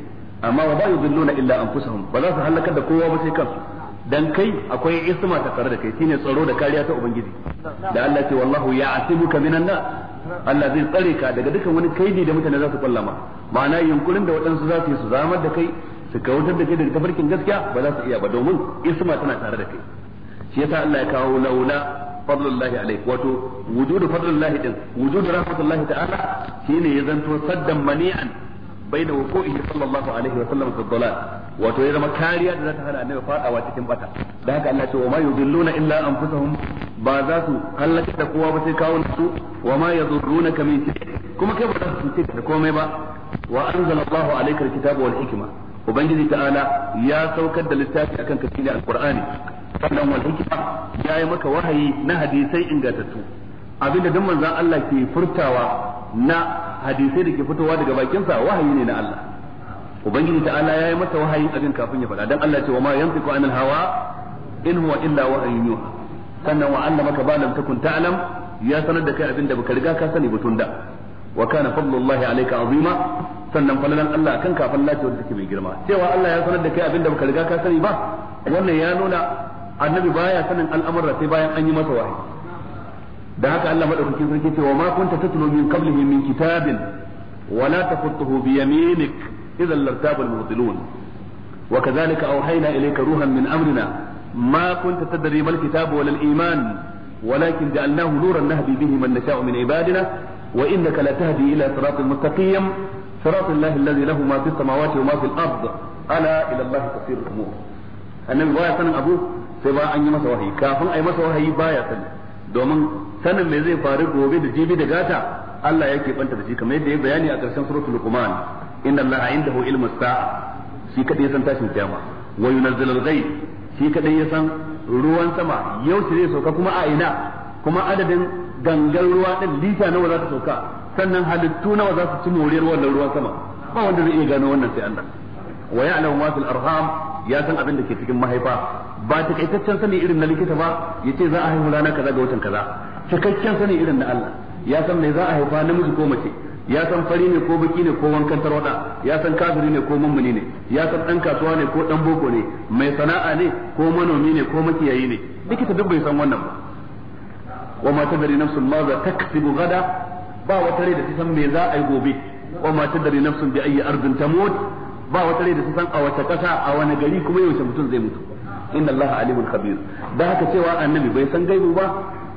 amma wa ba yudilluna illa anfusahum ba za su halakar da kowa ba sai kansu dan kai akwai isma ta tare da kai shine tsaro da kariya ta ubangiji da Allah ce wallahu ya'tibuka minan nas Allah zai tsare ka daga dukan wani kaidi da mutane za su kullama ma'ana yunkurin da waɗansu za su yi su zamar da kai su kautar da kai daga tafarkin gaskiya ba za su iya ba domin isma tana tare da kai shi yasa Allah ya kawo laula fadlullahi alaik wato wujudu fadlullahi din wujudu rahmatullahi ta'ala shine ya zanto saddan mani'an baina wuqu'ihi sallallahu alaihi wa sallam fi dhalal wato ya zama kariya da za ta hana annabi fadawa cikin bata da haka Allah ce wa ma yudilluna illa anfusahum ba za su halaka da kowa ba sai kawo su wa ma yadurrunaka min shay kuma kai ba za su cuce da komai ba wa anzalallahu alayka alkitaba wal hikma ubangiji ta'ala ya saukar da littafi akan kasida alqur'ani sannan wal hikma ya yi maka wahayi na hadisai ingantattu abinda duk manzon Allah ke furtawa na hadisai da ke fitowa daga bakinsa wahayi ne na Allah ubangiji ta'ala ya yi masa wahayin abin kafin ya faɗa dan Allah ce wa ma yantiqu anil hawa in huwa illa wahyun yuha sannan wa allamaka ba lam takun ta'lam ya sanar da kai abin da baka riga ka sani ba tunda wa kana fadlullahi alayka azima sannan falalan Allah kan kafin lati wanda take mai girma cewa Allah ya sanar da kai abin da baka riga ka sani ba wannan ya nuna annabi baya sanin al'amura sai bayan an yi masa wahayi da haka Allah madaukakin sarki ce wa ma kunta tatlu min qablihi min kitabin wa la taqutuhu bi yaminik idhan lartaba al-mubtilun wa kadhalika awhayna ilayka ruhan min amrina ma kunta tadri mal kitab wal iman ولكن جعلناه نورا نهدي به من نشاء من عبادنا وانك لا تهدي الى صراط مستقيم صراط الله الذي له ما في السماوات وما في الارض الا الى الله تصير الامور النبي baya sanin abu sai ba an yi masa wahayi kafin a yi masa wahayi baya sanin domin sanin me zai faru gobe da jibi da gata Allah ya keɓanta da shi kamar yadda ya bayani a ƙarshen suratul luqman inna allaha indahu ilmus sa'a shi kadai ya san tashin kiyama wa yunazzilu al-ghayb shi kadai ya san ruwan sama yau zai sauka kuma a ina kuma adadin gangar ruwa din lita nawa za ta sauka sannan halittu nawa za su ci moriyar wannan ruwan sama ba wanda zai iya gano wannan sai Allah wa ya'lamu ma fil arham ya san abin da ke cikin mahaifa ba takaitaccen sani irin na likita ba yace za a haihu rana kaza ga watan kaza cikakken sani irin na Allah ya san me za a haifa namiji ko mace ya san fari ne ko baki ne ko wankan tarwada ya san kafiri ne ko mummuni ne ya san dan kasuwa ne ko dan boko ne mai sana'a ne ko manomi ne ko makiyayi ne likita duk bai san wannan ba wa ma tadri nafsu ma za taksubu gada ba wata rai da ta san me za a yi gobe wa ma tadri nafsu bi ayi ardin tamut ba wata rai da su san a wace kasa a wani gari kuma yaushe mutum zai mutu inna Allah alimul khabir da haka cewa annabi bai san gaibu ba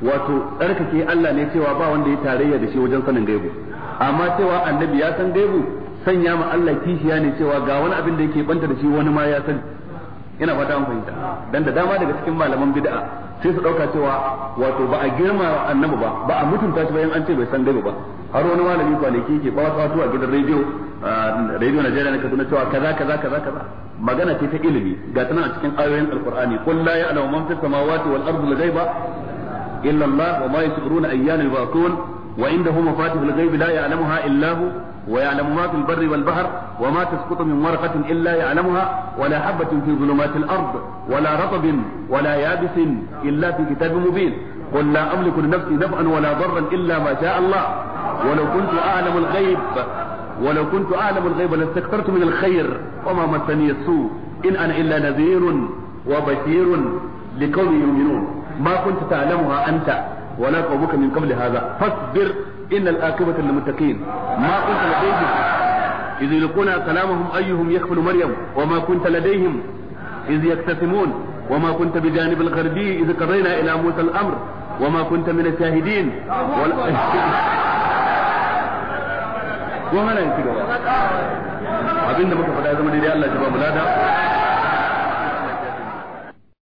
wato tsarkake Allah ne cewa ba wanda ya tarayya da shi wajen sanin gaibu amma cewa annabi ya san gaibu sanya ma Allah kishiya ne cewa ga wani abin da yake banta da shi wani ma ya san ina fata an fahimta dan da dama daga cikin malaman bid'a sai su dauka cewa wato ba a girma annabi ba ba a mutunta shi bayan an ce bai san gaba ba har wani malami kwanaki yake ba wata zuwa gidan rediyo rediyo Najeriya ne kaduna cewa kaza kaza kaza kaza magana ce ta ilimi ga tana a cikin ayoyin alqur'ani qul la ya'lamu man fis samawati wal ardi ghaiba illa Allah wa ma yashuruna ayyana yub'athun وعنده مفاتيح الغيب لا يعلمها إلا هو ويعلم ما في البر والبحر وما تسقط من ورقة إلا يعلمها ولا حبة في ظلمات الأرض ولا رطب ولا يابس إلا في كتاب مبين قل لا أملك لنفسي نفعا ولا ضرا إلا ما شاء الله ولو كنت أعلم الغيب ولو كنت أعلم الغيب لاستكثرت من الخير وما مسني السوء إن أنا إلا نذير وبشير لقوم يؤمنون ما كنت تعلمها أنت ولا قومك من قبل هذا فاصبر إن الآكبة للمتقين ما كنت لديهم إذ يلقون كلامهم أيهم يكفل مريم وما كنت لديهم إذ يقتسمون وما كنت بجانب الغربي إذ قضينا إلى موسى الأمر وما كنت من الشاهدين ولا وما لا ينتقل abinda muka faɗa zama شباب Allah